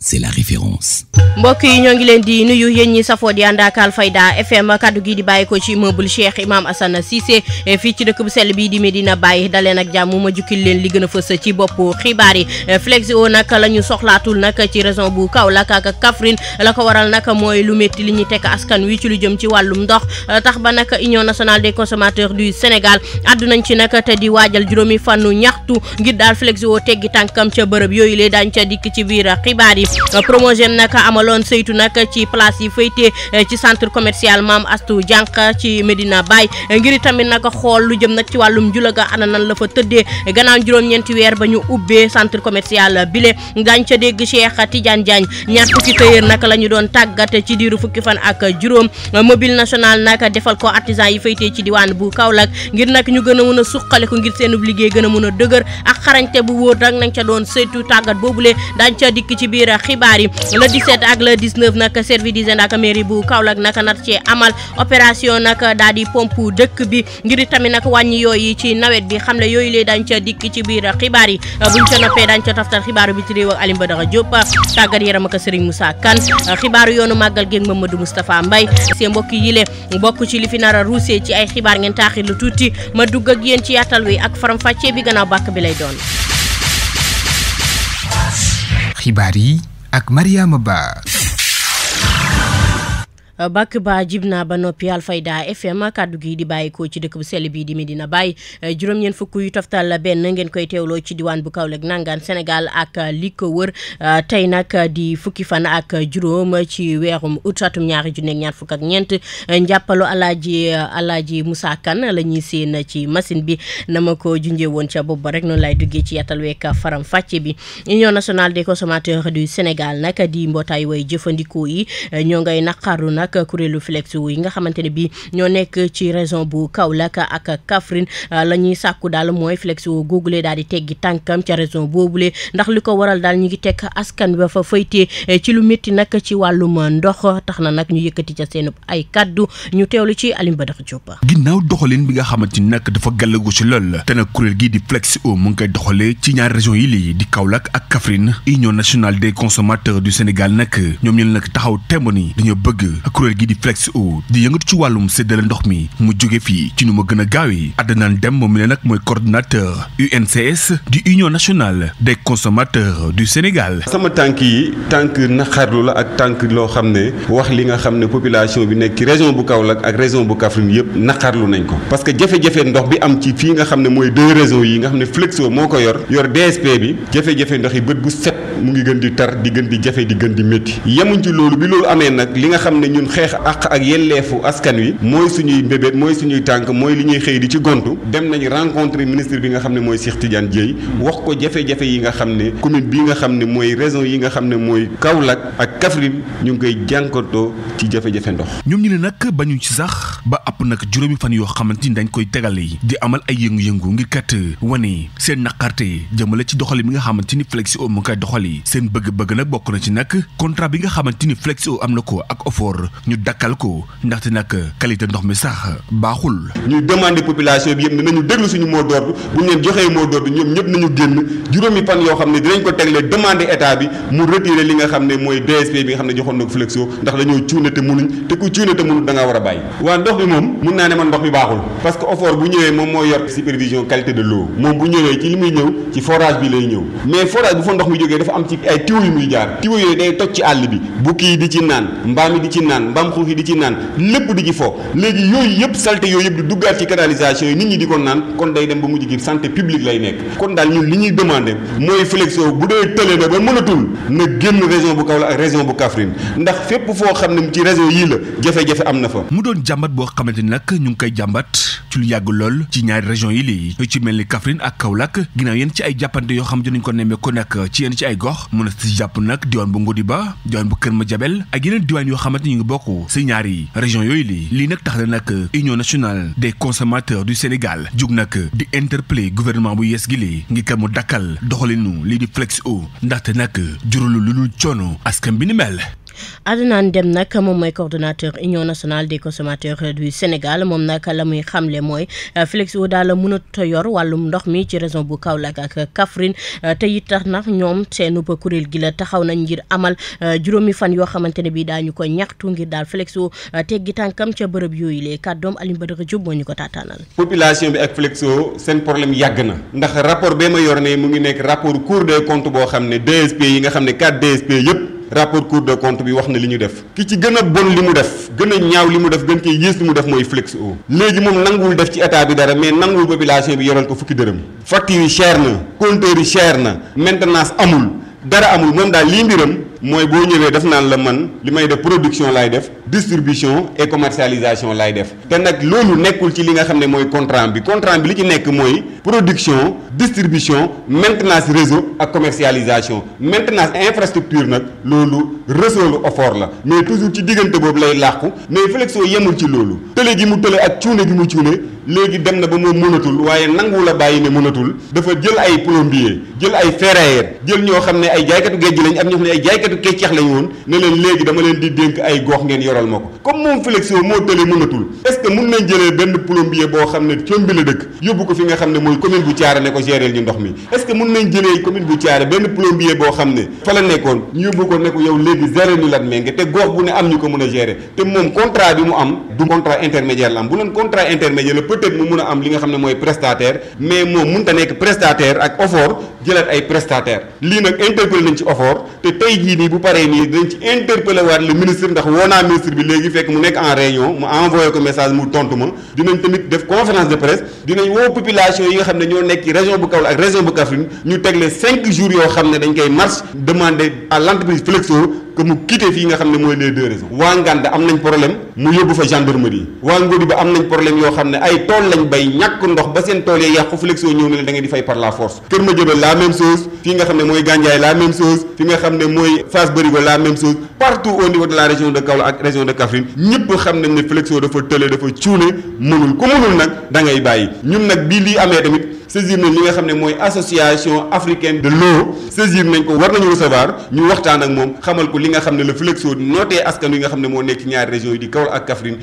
c'est la référence. mbokk yi ñoo ngi leen di nuyu yéen ñi safoo di ànd ak Alfayda FM kaddu gi di bàyyi ko ci immeuble Cheikh Imam Assane Cissé eh, fii ci dëkk bu sell bii di Medina Baye daleen ak jàmm ma jukkil leen li gën a fës ci bopp xibaar yi eh, Flexio nag la ñu soxlaatul nag ci région bu Kaolack ak Kaffrine la ko waral nag mooy lu métti li ñuy teg askan wi ci lu jëm ci wàllum ndox eh, tax ba nag Union nationale des consommateurs du Sénégal àddu nañ ci nag te di waajal juróomi fannu ñaxtu ngir daal Flexio teggi tànkam ca bërëb yooyu lee daañu ca dikk ci biir xibaar yi Promogem nag amaloon saytu nag ci place yi féetee eh, ci centre commercial Maam astu Diank ci Medina Baye eh, ngir tamit nag xool lu jëm nag ci wàllum julaga ana nan la fa tëddee gannaaw juróom-ñeenti weer ba ñu ubbee centre commercial bile daañu ca dégg Cheikh Tidiane Diagne ñaar fukki tëyër nag la ñu doon tàggat ci diiru fukki fan ak juróom mobile national nag defal ko artisan yi féetee ci diwaan bu Kaolack ngir nak ñu gën a mën a suqaliku ngir seenub liggéey gën a mën a dëgër ak xarañte bu wóor nag nañ ca doon saytu tàggat boobule daañu xibaar yi le 17 ak le 19 nag service d'hygiène ak mairie bu Kaolack nag nar cee amal opération nag daal di pompe dëkk bi ngir tamit nag wàññi yooyu ci nawet bi xam ne yooyu lee dañ ca dikk ci biir xibaar yi buñ ca noppee dañ ca taftal xibaaru bi ci réew ak Alioune Badara Diop tàggat yaram ak Serigne Moussa Kane xibaaru yoonu màggal ma Mamadou Moustapha Mbaye seen bokk yi le bokk ci li fi nara a ruusee ci ay xibaar ngeen taaxir lu tuuti ma dugg ak ci yaatal wi ak faram fàccee bi gannaaw bàkk bi lay doon xibaar yi ak Mariama Ba bakk ba jib naa ba noppi Alfayda FM kàddu gi di bàyyikoo ci dëkk bu sell bii di Medina Baye eh, juróom-ñeent fukk yu toftal benn ngeen koy teewloo ci diwaan bu Kaolack nangaan senegal ak li ko wër eh, tey nag di fukki fan ak juróom ci weerum août atum ñaari junni ñaar fukk ak ñeent eh, njàppalu alaaji alaaji Moussa Kane la ñuy seen ci machine bi na ma ko jinjee woon ca bopp ba rek noonu lay duggee ci yàttal week faram fàcce bi Union nationale des consommateurs du Sénégal nag di mbootaay woy jëfandikoo yi ñoo ngay naqaru nag ak kuréelu Felex yi nga xamante ne bii ñoo nekk ci région bu Kaolack ak kafrin la ñuy sàkku daal mooy Felex googule daal di teggi tànkam ca région boobule ndax li ko waral daal ñu ngi tekk askan ba fa faytee eh, ci lu métti nag ci wàllum ndox tax na nag ñu yëkkati ca seen ay kaddu ñu teewlu ci Alioune Badara Diop. ginnaaw doxalin bi nga xamante ni nag dafa gàllagu si lool te nag kuréel gii di Felex mu ngi koy doxalee ci ñaari région yi lii di Kaolack ak Kaffrine Union nationale des consommateurs du Sénégal nag ñoom ñeen taxaw kuréel gi di Flex'Eau di yëngatu ci wàllum séddale ndox mi mu jóge fii ci nu ma gën a gaawee Adnan dem moom mi ne nag mooy coordonnateur UNCS du Union nationale des consommateurs du Sénégal. sama tànk yi tànk naqarlu la ak tànk loo xam ne wax li nga xam ne population bi nekk ci région bu Kaolack ak région bu Kaffrine yëpp naqarlu nañ ko parce que jafe-jafe ndox bi am ci fii nga xam ne mooy deux réseaux yi nga xam ne Flex'Eau moo ko yor yor DSP bi jafe-jafe ndox yi bët bu mu ngi gën di tar di gën di jafe di gën ñun xeex àq ak yelleefu askan wi mooy suñuy mbébét mooy suñuy tànk mooy li ñuy xëy di ci gont dem nañu rencontré ministre bi nga xam ne mooy Cheikh Tidiane Dieye wax ko jafe-jafe yi nga xam ne commune bi nga xam ne mooy région yi nga xam ne mooy Kaolack ak Kaffrine ñu ngi koy jànkatoo ci jafe-jafe ndox ñoom ñu ne nag bañu ci sax ba àpp nag juróomi fan yoo xamante ni dañ koy tegale di amal ay yëngu-yëngu ngir kat wane seen naqarte jëmale ci doxali bi nga xamante ni Flexio mu ngi seen bëgg-bëgg bokk na ci nag contrat bi nga xamante ni Flexio am na ko ak Ofor ñu dakkal ko ndaxte nag qualité ndox mi sax baaxul. ñuy demander population bi yëpp ne nañu déglu suñu mot d'ordre bu ñu leen joxee ñëpp nañu génn yoo xam ne dinañ ko tegle demander état bi mu li nga xam ne mooy DSP bi nga xam ne joxoon na ko Flexo ndax dañoo cuune te munuñ a bàyyi. moom que OFOR bu moom mooy yor supervision de l'eau moom bu ñëwee ci li muy ñëw ci forage bi lay ñëw mais forage bu fa ndox mi jógee dafa am ci ay tiwo yu muy jaar tiwo yooyu day toj ci àll bi bukki di ci naan mbaam yi di ci naan naan mbaam xuux yi di ci naan lépp di ci fo léegi yooyu yëpp salte yooyu yëpp di duggaat ci canalisation yi nit ñi di ko naan kon day dem ba mujj gi santé publique lay nekk kon daal ñun li ñuy demandé mooy Flexo bu dee tële na ba mënatul na génn région bu Kaolack ak région bu Kaffrine ndax fépp foo xam ne ci région yii la jafe-jafe am na fa mu doon jàmbat boo xamante ni nag ñu ngi koy jàmbat ci lu yàgg lool ci ñaari région yi lii ci mel ni Kaffrine ak Kaolack ginnaaw yéen ci yoo xam dinañ ko ko nag ci yéen ci ay gox mën na si jàpp nag diwaan bokk si ñaari région yooyu li lii nag tax na nag union nationale des consommateurs du Sénégal jug nag di interpeller gouvernement bu yees gi li ngi ka mu dakkal doxalinu lii di flex o ndaxte nag jurulu lu dul coono askan bi ni mel Adnan Deme nag moom mooy coordonnateur union nationale des consommateurs du Sénégal moom naka la muy xamle mooy euh, Flexo daal mënut yor wàllum ndox mi ci région bu Kaolack ak Kaffrine euh, te it tax nag ñoom seenu kuréel gi la taxaw nañ ngir amal euh, juróomi fan yoo xamante ne bii daañu ko ñaxtu ngir daal Flexo teggi tànkam ca bërëb yooyu lee kàddoom Alioune Badara Diop moo ñu ko taataanal. population bi ak Flexo seen problème yàgg na ndax rapport bee ma mu ngi nekk rapport Cour des boo xam ne DSP yi nga xam ne 4 rapport cour des comptes bi wax na li ñu def ki ci gën a bon li mu def gën a ñaaw li mu def gën cee yées li mu def mooy Flexo léegi moom nanguwul def ci état bi dara mais nanguwul population bi yoral ko fukki dërëm facture yi cher na compteur yi cher na maintenance amul dara amul moom daal lii mbiram mooy boo ñëwee daf naan la man li may def production laay def distribution et commercialisation laay def te nag loolu nekkul ci li nga xam ne mooy contrant bi contrant bi li ci nekk mooy production distribution maintenance réseau ak commercialisation maintenance infrastructure nag loolu réseau lu offort la mais toujours ci diggante boobu lay làqu mais Flexo yemul ci loolu tële gi mu tële ak cuune gi mu cuune léegi dem na ba moom mënatul waaye nangu la bàyyi ne mënatul dafa jël ay plombier jël ay ferrailleur jël ñoo xam ne ay jaaykatu géej gi lañ am ñoo ay jaaykat liggéeykatu kecceex lañu woon ne leen léegi dama leen di dénk ay gox ngeen yoral ma ko comme moom Flexio moo tële mënatul est-ce que mun nañ jëlee benn plombier boo xam ne combi la dëkk yóbbu ko fi nga xam ne mooy commune bu Thiaré benn plombier boo xam ne fa la nekkoon ñu yóbbu ko ne yow léegi géré ñu lat mee te gox bu ne am ñu ko mun a gérer te moom contrat bi mu am du contrat intermédiaire la am bu leen contrat intermédiaire la peut mu mun a am li nga xam nii bu paree nii dañ ci interpellé waat le ministre ndax woo naa ministre bi léegi fekk mu nekk en réunion mu envoyé ko message mu tontu ma dinañ tamit def conférence de presse dinañ woo population yi nga xam ne ñoo nekk ci région bu Kaolack ak région bu Kaffrine ñu tegle cinq jours yoo xam ne dañ koy marche demander à l'entreprise Flexo que mu quitté fii nga xam ne mooy les deux raisons waa région de Kaolack ak xam nañ ne Flexo dafa tële dafa cuune mënul ku mënul nag da bàyyi ñun nag bii lii amee tamit saisir nañ li nga xam ne mooy association africaine de l'eau saisir nañ ko war nañu recevoir ñu waxtaan ak moom xamal ko li nga xam ne la Flexo nootee askan wi nga xam ne moo nekk ñaari régions yi di Kaolack ak Kaffrine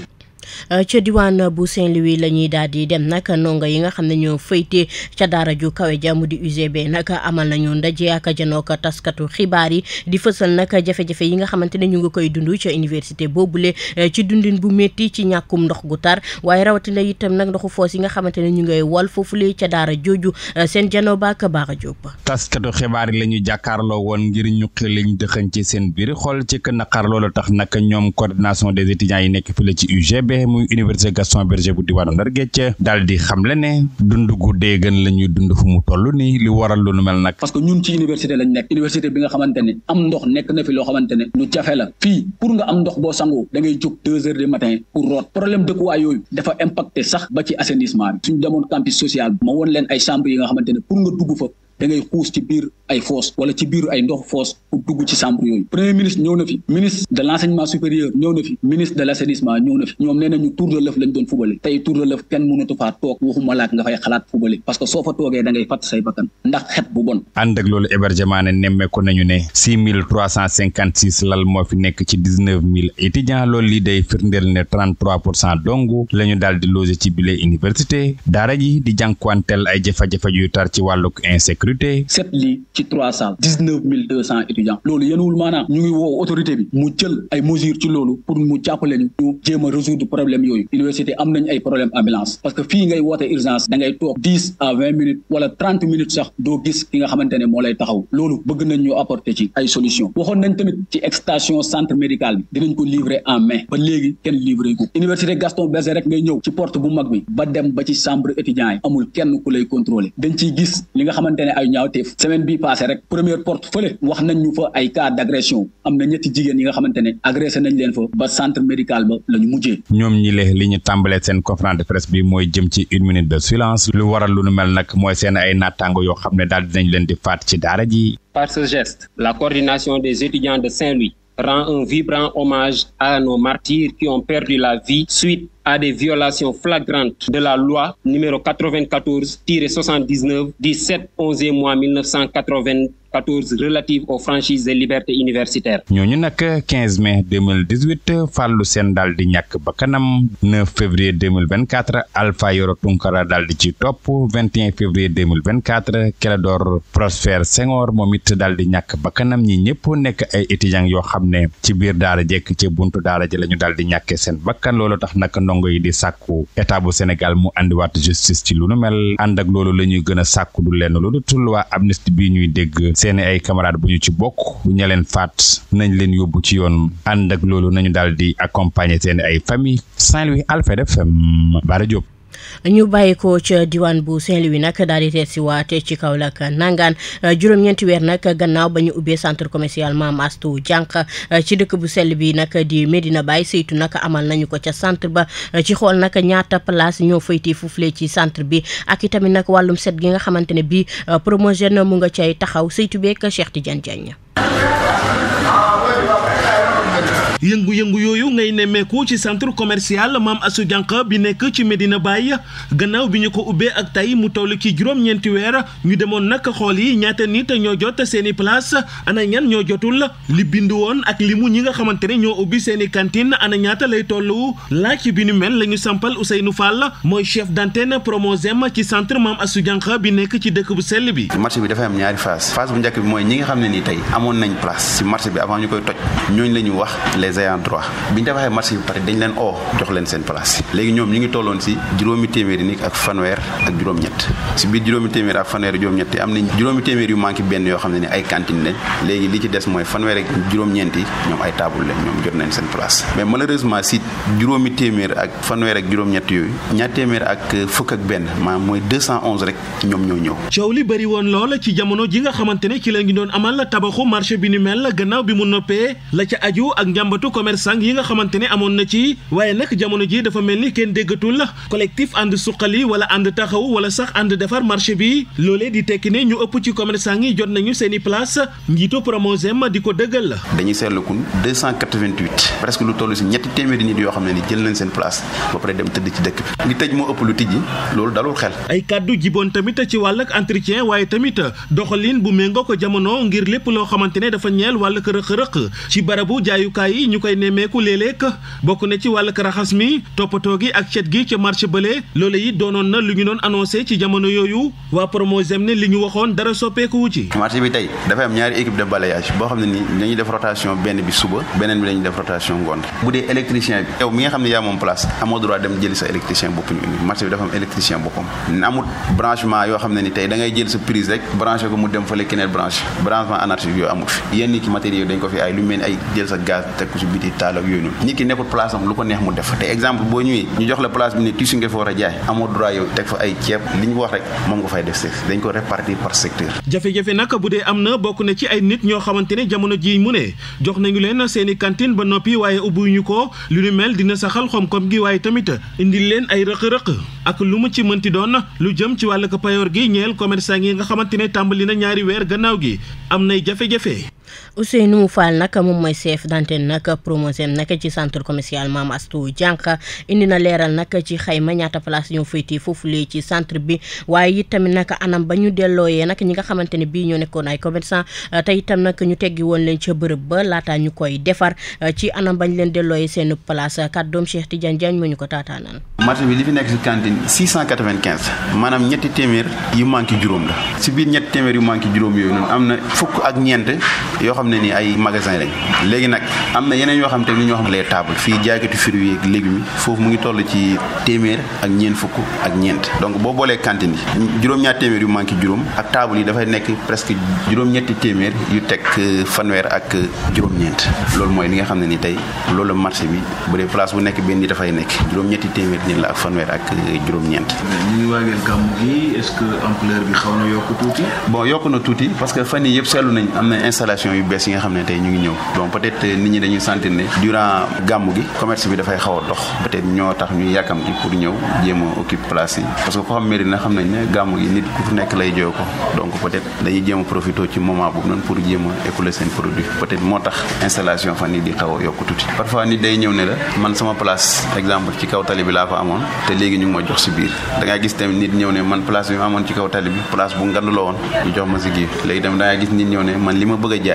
Eh, ca diwaan bu Saint-Louis la ñuy daal di dem nag ndongo yi nga xam ne ñoo fayte ca daara ju kawe ja mu di UGB nag amal nañu ndaje ak janoo janook taskatu xibaar yi di fësal nag jafe-jafe yi nga xamante ne ñu ngi koy dund ca université boobule eh, ci dundin bu métti ci ñàkkum ndox gu tar waaye rawatina itam nag ndoxu foos yi nga xamante ne ñu ngay wal foofu foofule ca daara jooju eh, seen janoo ba ak baax a jóg. taskatu xibaar yi la ñu jàkkaarloo woon ngir ñu xiliñ dëxañ ci seen biir xool ci naqar loolu tax nag ñoom coordination de étudiants yi nekk fii ci UGB. foofee muy université Gaston Berger bu diwaanu Ndar Géej di xamle ne dund gu dee gën dund fu mu toll li waral lu nu mel nag. parce que ñun ci université lañ nekk université bi nga xamante am ndox nekk na fi loo xamante ne lu jafe la nga am ndox boo sangoo da jóg deux heures du matin pour root problème dëkkuwaay yooyu dafa impacté sax ba ci assainissement suñ demoon campus social ma woon leen ay chambre yi nga xamante ne nga dugg fa da ngay xuus ci biir ay foos wala ci biir ay ndox foos pour dugg ci chambre yooyu premier ministre ñëw na fi ministre de l' enseignement supérieur ñëw na fi ministre de l' assainissement ñëw na fi ñoom nee nañu tour de lëf lañ doon fubale tey tour de lëf kenn mënatu faa toog waxuma laak nga fay xalaat fubale parce que soo fa toogee da ngay fàtt say bakkan ndax xet bu bon ànd ak loolu ne nemmeeku nañu ne mille trois cent cinquante six lal moo fi nekk ci dix neuf mille étudiants loolu lii day firndeel ne trente cent dong la ñu daal di loger ci bile université daara ji di jànkuwanteel ay jafe-jafe yu ci wàlluk insecte recruter. sept ligues ci trois salles dix neuf mille deux cent étudiants loolu yenuwul maanaam ñu ngi woo autorité bi mu jël ay mesures ci loolu pour mu jàppale ñu ñu jéem a résoudre problème yooyu université am nañ ay problème ambulance parce que fii ngay woote urgence da ngay toog à vingt minutes wala trente minutes sax doo gis ki nga xamante ne taxaw loolu bëgg nañ ñu ci ay solution waxoon nañ tamit ci extension centre médical bi dinañ ko livrer en mai ba léegi kenn livrer ko université ay ñaawteef semaine bii passé rek première porte fële wax nañ ñu fa ay cas d' am na ñetti jigéen yi nga xamante ne agressé nañ leen fa ba centre médical ba la mujjee ñoom ñi le li ñu tàmbalee seen conférence de presse bi mooy jëm ci une minute de silence lu waral lu nu mel nag mooy seen ay naataango yoo xam ne daal dinañ leen di faat ci daara ji par ce geste la coordination des étudiants de Saint-Louis rend un vibrant hommage à nos martyrs qui ont perdu la vie suite à des violations de la loi numéro 94-79 17 11 mois 1980 14 relatives aux franchises et libertés universitaires. ñooñu nag 15 mai 2018 Fallou Sène daal di ñàkk bakkanam 9 février 2024 Alpha Yoro Tunkara daal di ci topp 21 février 2024 Clédor Prosper Senghor moom it daal di ñàkk bakkanam ñi ñëpp nekk ay étudiants yoo xam ne ci biir daara jekk ci buntu daara ji la ñu daal di ñàkkee seen bakkan loolu tax nag ndongo yi di sàkku état bu Sénégal mu andiwaat justice ci lu nu mel ànd ak loolu la ñuy gën a sàkku du lenn lu dul loi amnistie bi ñuy dégg seeni ay camarade bu ñu ci bokk bu ñu leen faat nañ leen yóbbu ci yoon ànd ak loolu nañu daal di accompagner seeni ay famille Saint-Louis Alfayda FM Bara Diop ñu bàyyi ko ca diwaan bu Saint-Louis nag daal di teet si waate ci Kaolack nangaan uh, juróom-ñeenti weer nag gannaaw ba ñu ubbee centre commercial Maam Astou jànq uh, ci dëkk bu sell bi nag di Medina bàyyi saytu nag amal nañu ko ca centre ba uh, ci xool nag ñaata place ñoo fayti fufule ci centre bi ak itamit nag wàllum set gi nga xamante ne bii na mu nga cay taxaw saytu beeg Cheikh Tidiane Diagne yëngu-yëngu yooyu ngay nemmeeku ci centre commercial Maam Astou Diankh bi nekk ci Medina bàyyi gannaaw bi ñu ko ubbee ak tey mu toll ci juróom-ñeenti weer ñu demoon nag xool yi ñaata nit ñoo jot seen i place ana ñan ñoo jotul li bind woon ak limu ñi nga xamante ne ñoo ubbi seen i cantine ana ñaata lay tollu laaj bi ñu mel la ñu sampal Ousseynou Fall mooy chef d'antenne Promosem ci centre Maam Astou bi nekk ci dëkk bu sell bi. marché bi dafa am ñaari phase phase bu njëkk bi mooy ñi nga xam ne nii tey amoon nañ place ci marché bi avant ñu koy toj ñooñu la ñu wax les ayants droit bi ñu defee marché bi pare dañ leen oo jox leen seen place léegi ñoom ñu ngi tolloon si juróomi téeméeri nit ak fanweer ak juróom-ñett yi am nañ juróomi téeméer yu manqué benn yoo xam ne ni ay cantine lañ léegi li ci des mooy fanweer ak juróom-ñeent ñoom ay table lañ ñoom jot nañ seen place mais malheureusement si juróomi téeméer ak fanweer ak juróom-ñett yooyu ñaar téeméer ak fukk ak benn maanaam mooy 211 rek ñoom ñoo ñëw coow li bëri woon loola làmbatu commerçant yi nga xamante ne amoon na ci waaye nag jamono ji dafa mel ni kenn déggatul la collectif ànd suqali wala ànd taxaw wala sax ànd defar marché bi loolee di tekki ne ñu ëpp ci commerçant yi jot nañu seen i place njiitu Promosem di ko dëggal la. dañuy la 288 presque lu toll si ñetti téeméeri nit yoo xam ne ni jël nañ seen place ba pare dem tëdd ci dëkk bi ngi tëj moo ëpp lu tijji loolu dalul xel. ay kàddu jiboon tamit ci wàllug entretien waaye tamit doxalin bu méngoo ko jamono ngir lépp loo xamante ne dafa ñeel wàllug rëq-rëq ci barabu jaayukaay yi ñu koy nemmeeku léeg bokk na ci wàllug raxas mi toppatoo gi ak cet gi ca marché bële loolu yi doonoon na lu ñu doon annoncé ci jamono yooyu waa Promosem ne li ñu waxoon dara soppeekuwu ci. marché bi tey dafa am ñaari équipe de balayage boo xam ne nii dañuy def rotation benn bi suba beneen bi dañuy def rotation ngoon bu dee électricien bi yow mi nga xam ne yaa moom place amoo droit dem jëli sa électricien bopp ñu indi marché bi dafa am électricien boppam amut branchement ni tey da jël sa prise rek branché ko mu dem fële keneen branche branchement anarchique yooyu amut fi yenn ki matériaux dañ ko fi ay lu mel jël sa gaz teg nekk si biti taal ak ki nekkul place lu ko neex mu def te exemple boo ñëwee ñu jox la place bi ne tissu nga a jaay ay ceeb li rek moom nga fay def se dañ ko répartir par secteur jafe-jafe nag bu dee am na bokk na ci ay nit ñoo xamante ne jamono ji mu ne jox nañu leen seen i cantine ba noppi waaye ubbiwuñu ko lu ni mel dina saxal xom-xom gi waaye tamit indil leen ay rëq-rëq ak lu mu ci mënti doon lu jëm ci wàll wàllu payoor gi ñeel commerçant yi nga xamante ne tàmbali na ñaari weer gannaaw gi am nay jafe-jafe Ousseynou Fall nag moom mooy chef d'antenne nag Promosen nag ci centre commercial Mame Astou Diankha indi na leeral nag ci xayma ñaata place ñoo foofu foofulee ci centre bi waaye tamit nag anam ba ñu dellooyee nag ñi nga xamante ne bii ñoo nekkoon ay commerçant euh, te itam nag ñu teggi woon leen ca bërëb ba laataa ñu koy defar euh, ci anam bañ leen dellooyee seen place kàddoom Cheikh Tidiane Diagne moo ñu ko taataanaan. marché bi li fi nekk si cantine maanaam ñetti téeméer yu manqué juróom la biir ñetti téeméer yu manqué juróom yooyu fukk ak yoo xam ne nii ay magasin lañ léegi nag am na yeneen yoo xam te ni ñoo xam les tables fii jaaykatu fruits yi ak légumes foofu mu ngi toll ci téeméer ak ñeent fukk ak ñeent donc boo boolee cantine ni juróom-ñaar téeméer yu manqué juróom ak table yi dafay nekk presque juróom-ñetti téeméer yu teg euh, fanweer ak euh, juróom-ñeent loolu mooy li nga xam ne ni tey loolu la marché bi bu dee place bu nekk benn nit dafay nekk juróom-ñetti téeméer nit la ak fanweer ak euh, juróom-ñeent ñu ngi waajal gàmmu gi est-ce que bi xaw na yokk tuuti bon commerciants yu bees yi nga xam ne tey ñu ngi ñëw bon peut-être nit ñi dañuy sentir ne durant gàmm gi commerce bi dafay xaw a dox peut-être ñoo tax ñu yàkkamti pour ñëw jéem a occuper place yi parce que ko xam Médina xam nañ ne gàmm gi nit ku fu nekk lay jooy ko donc peut-être dañuy jéem a profité ci moment boobu noonu pour jéem a écouler seen produit peut-être moo tax installation fan yi di xaw a yokk tuuti parfois nit day ñëw ne la man sama place exemple ci kaw tali bi laa fa amoon te léegi ñu ngi ma jox si biir da ngay gis tamit nit ñëw ne man place bi ma amoon ci kaw tali bi place bu nganduloo woon ñu jox ma si giir léegi tamit da ngay gis nit ñëw ne man li ma bëgg a jaay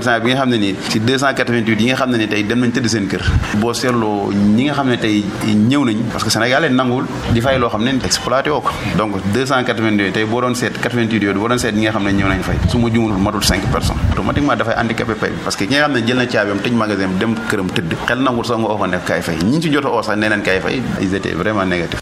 commerçant bi nga xam ne nii ci 288 yi nga xam ne ni tey dem nañ tëdd seen kër boo seetloo ñi nga xam ne tey ñëw nañ parce que Sénégal leen di fay loo xam ne exploité woo boo doon seet ñi nga xam ne ñëw nañ fay su ma jumulul matul 5 personnes automatiquement dafay handicapé pay parce que ki nga xam ne jël na caabiam tëj magasin dem këram tëdd xel nanguwul sax nga oo ko nekk kaay fay ñi oo sax nee nañ kaay fay ils vraiment négatifs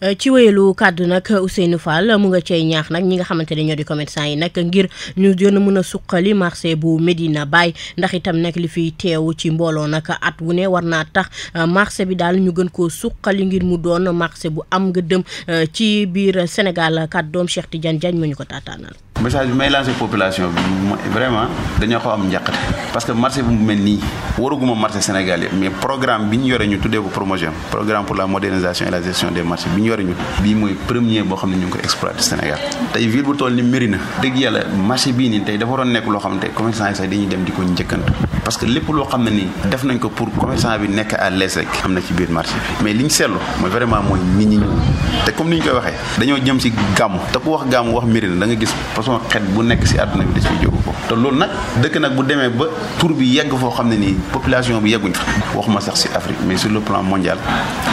Eh, ci wéyalu kàdd nag Ousseynou Fall mu nga cee ñaax nag ñi nga xamante ne ñoo di commerçant yi nag ngir ñu gën mun a suqali marché bu Medina bàyyi ndax itam nag li fiy teew ci mbooloo nag at wu ne war naa tax eh, marché bi daal ñu gën koo suqali ngir mu doon marché bu am nga dem eh, ci biir Sénégal doom Cheikh Tidiane Diagne moo ñu ko taataanal message bi may lancé population bi vraiment dañoo xaw am njàqate parce que marché bu mel nii waruguma marché Sénégal yëpp mais programme bi ñu yore ñu tuddee ko promotion programme pour la modernisation et la gestion des marchés bi ñu yore ñu bii mooy premier boo xam ne ñu ko exploité Sénégal tey ville bu toll ni Mérina dëgg yàlla marché bii nii tey dafa waroon nekk loo xam ne tey commerçant yi sax dañuy dem di ko njëkkantu parce que lépp loo xam ne nii def nañ ko pour commerçant bi nekk à l'aise rek am na ci biir marché bi mais li ñu seetlu mooy vraiment mooy ni ñu koy waxee dañoo jëm si gàmmu te ku wax gàmmu wax Mérina da nga gis façon xet bu nekk si àdduna bi da ciy bu demee ba tur bi yegg foo xam ne nii population bi yegguñ fa waxuma sax si Afrique mais sur le plan mondial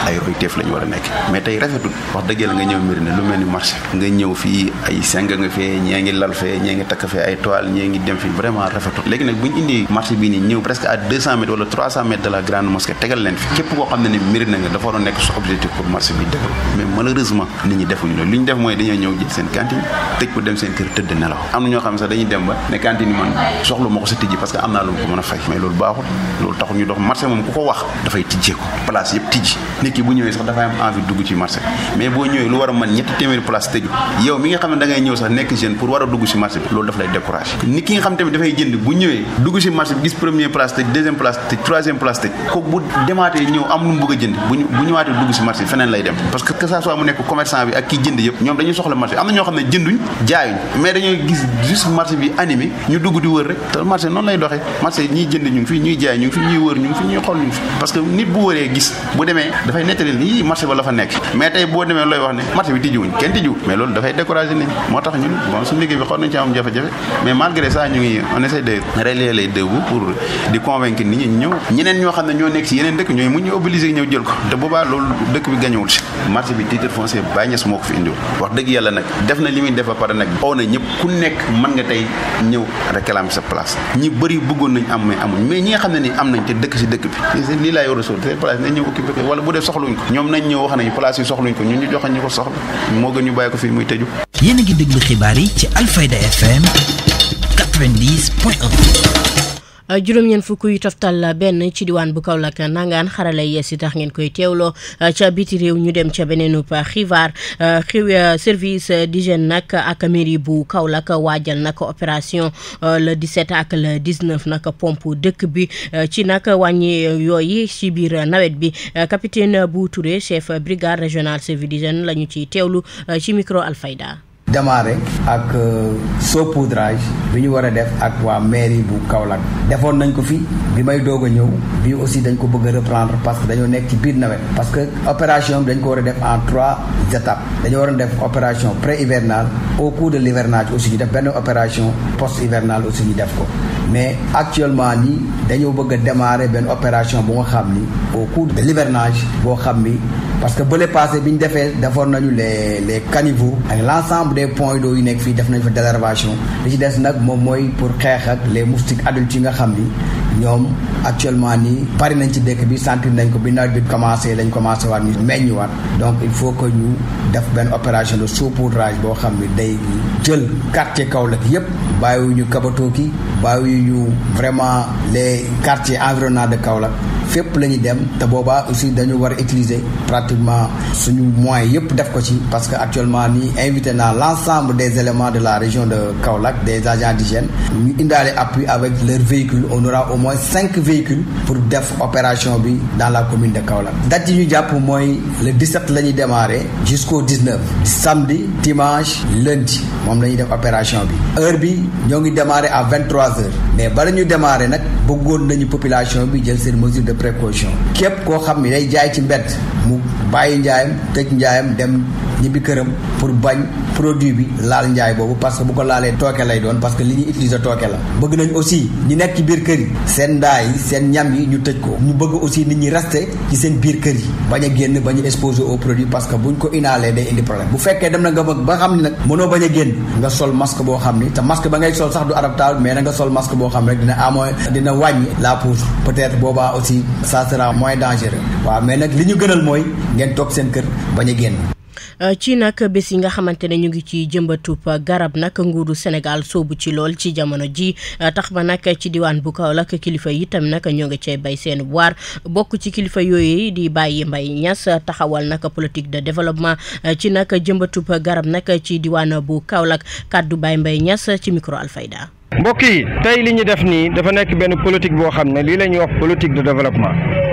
ay roy teef war a nekk mais tey rafetul fii ay a nekk bi def mooy dañoo ñëw jël seen cantine tëj ko dem seen kër tëdd nelaw am na ñoo xam ne sax dañuy dem ba ne cantine man soxlu ma ko sa tijji parce que am naa lu ma ko mën a jënd bu ñëwaatee dugg ci marché feneen lay dem parce que que mu nekk commerçant bi ak kii jënd yëpp ñoom dañuy soxla marché am na ñoo xam ne jënduñ jaayuñ mais dañuy gis juste marché bi animé ñu dugg di wër rek te marché noonu lay doxee marché ñuy jënd ñu ngi ñuy jaay ñu ngi ñuy wër ñu ngi ñuy xool ñu ngi parce que nit bu wëree gis bu demee dafay nettali lii ba la fa nekk mais tey boo demee looy wax ne marché bi tijjiwuñ kenn tijjiw ñoo xam ñoo nekk ci yeneen dëkk ñooy mu ñu ñes moo ko fi indiwul wax dëgg yàlla nag def na li def ba pare nag oo na ñëpp ku nekk mën nga tey ñëw réclamer sa place ñi bëri bëggoon nañ am mais amuñ mais ñi nga xam ne ni am nañ te dëkk si dëkk bi lii laay war a sóor seen place ñëw occupé ko wala bu dee soxluñ ko ñoom nañ ñëw wax nañ place yi soxluñ ko ñun ñu joxe ñu ko soxla moo gën ñu bàyyi ko fii muy tëju yéen a ngi déglu xibaar yi ci Alfayda FM 90 point 1 juróom-ñeent fukk yu toftal benn ci diwaan bu Kaolack nangaan xarala yees yi tax ngeen koy teewloo ca biti réew ñu dem ca beneenu xibaar xiw service d'hygiène nag ak mairie bu Kaolack waajal nag opération euh, le 17 ak le 19 nag pompe dëkk bi euh, ci nag wàññi yooyu ci biir nawet bi capitaine bu Touré chef brigade régionale service d'hygiène la ñu ci teewlu euh, ci micro Alfayda démarré ak euh, saupoudrage bi ñu war a def ak waa mairie bu Kaolack defoon nañ ko fi bi may doog a ñëw bi aussi dañ ko bëgg reprendre parce que dañoo nekk ci biir nawet parce que opération bi dañ ko war a def en trois étapes dañoo war def opération pré hivernale au cours de l'hivernage aussi ñu def benn opération post hivernale aussi ñu def ko mais actuellement nii dañoo bëgg a benn opération bu nga xam ni au cours de l'hivernage boo xam ni parce que bële passé bi ñu defee defoon nañu les les caniveaux ak l'ensemble des points d'eau yu nekk fii def nañ fa délarvation li ci des nag moom mooy pour xeex ak les moustiques adultes yi nga xam ni ñoom actuellement nii bari nañ ci dëkk bi sentir nañ ko bi nawet bi commencé lañ commencé waat ñu meññ waat donc il faut que ñu def benn opération de saupoudrage boo xam ni day jël quartier Kaolack yépp bàyyiwuñu Kabatoki yu vraiment les quartiers environnants de Kaolack fépp la ñuy dem te boobaa aussi dañu war a utiliser pratiquement suñu moyens l'ensemble des éléments de la région de Kaolack des agents d'hygiène ñu indaale appui avec leur véhicule on aura au moins cinq véhicules pour def opération bi dans la commune de Kaolack date yi ñu jàpp mooy le 17 la ñuy démarrer jusqu'au 19 samedi dimanche lundi moom la ñuy def opération bi heure bi ñoo ngi démarrer à 23 heures mais bala ñu démarrer nag bëggoon nañu population bi jël seen mesure de précaution képp koo xam ni day jaay ci mbedd mu bàyyi njaayam tëj njaayam dem ñibbi këram pour bañ produit bi laal njaay boobu parce que bu ko laalee tooke lay doon parce que li ñuy utiliser tooke la bëgg nañ aussi ñu nekk ci biir kër yi seen ndaa yi seen ñam yi ñu tëj ko ñu bëgg aussi nit ñi reste ci seen biir kër yi bañ a génn bañ a exposé au produit parce que bu ñu ko inaalee day indi problème bu fekkee dem na nga bëgg ba xam ne nag mënoo bañ a génn nga sol masque boo xam ni te masque ba ngay sol sax du adaptable mais na nga sol masque boo xam rek dina amoy dina wàññi la pousse peut-être boobaa aussi ça sera moins dangereux waaw nag li ñu gënal mooy ngeen toog kër bañ génn Euh, ci nag bés yi nga xamante ne ñu ngi ci jëmbatub garab nag nguuru Sénégal soobu ci lool ci jamono ji euh, tax ba nag ci diwaan bu Kaolack kilifa yi itam ñoo ngi cee bay seen waar bokk ci kilifa yooyu di bàyyi mbay ñas taxawal nag politique de développement euh, ci nag jëmbatub garab nag ci diwaan bu Kaolack kàddu bàyyi mbay ñas ci micro Alfayda mbokk yi tey li ñu def nii dafa nekk benn politique boo xam ne lii la ñuy wax politique de développement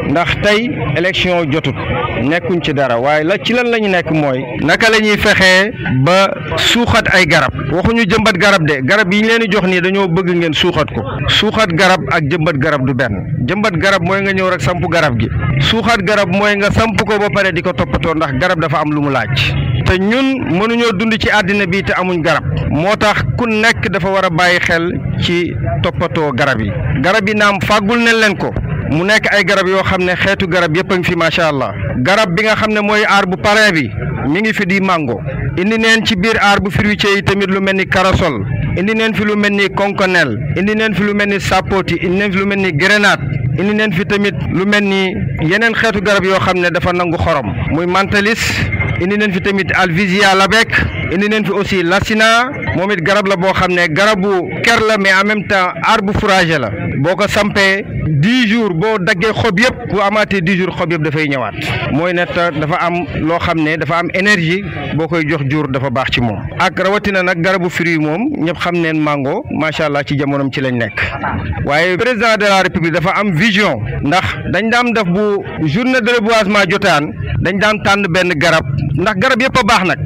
ndax tey élection jotut nekkuñ ci dara waaye la ci lan la ñu nekk mooy naka la ñuy fexee ba suuxat ay garab waxuñu jëmbat garab de garab yi ñu leen jox nii dañoo bëgg ngeen suuxat ko suuxat garab ak jëmbat garab du benn jëmbat garab mooy nga ñëw rek samp garab gi suuxat garab mooy nga samp ko ba pare di ko toppatoo ndax garab dafa am lu mu laaj. te ñun mënuñoo dund ci àddina bi te amuñ garab moo tax ku nekk dafa war a bàyyi xel ci toppatoo garab yi garab yi naam fàggul nañ leen ko mu nekk ay garab yoo xam ne xeetu garab yëpp a ngi fi macha allah garab bi nga xam ne mooy aar bu paree bi mi ngi fi di mango indi neen ci biir aar bu fruitier yi tamit lu mel ni karasol indi neen fi lu mel ni konkonel indi neen fi lu mel ni sapoti indi neen fi lu mel ni grenade indi neen fi tamit lu mel ni yeneen xeetu garab yoo xam ne dafa nangu xorom muy mantalis indi nañ fi tamit Alvisia Labek indi neen fi aussi lasina moom it garab la boo xam ne garabu ker la mais en même temps arbre fourrager la boo ko sampee dix jours boo daggee xob yëpp bu amaatee dix jours xob yëpp dafay ñëwaat mooy ne dafa am loo xam ne dafa am énergie boo koy jox jur dafa baax ci moom ak rawatina nag garabu fruit moom ñëpp xam neen mango macha allah ci jamonoom ci lañ nekk waaye président de la république dafa am vision ndax dañ daan def bu journée de reboisement jotaan dañ daan benn garab ndax garab yëpp baax nag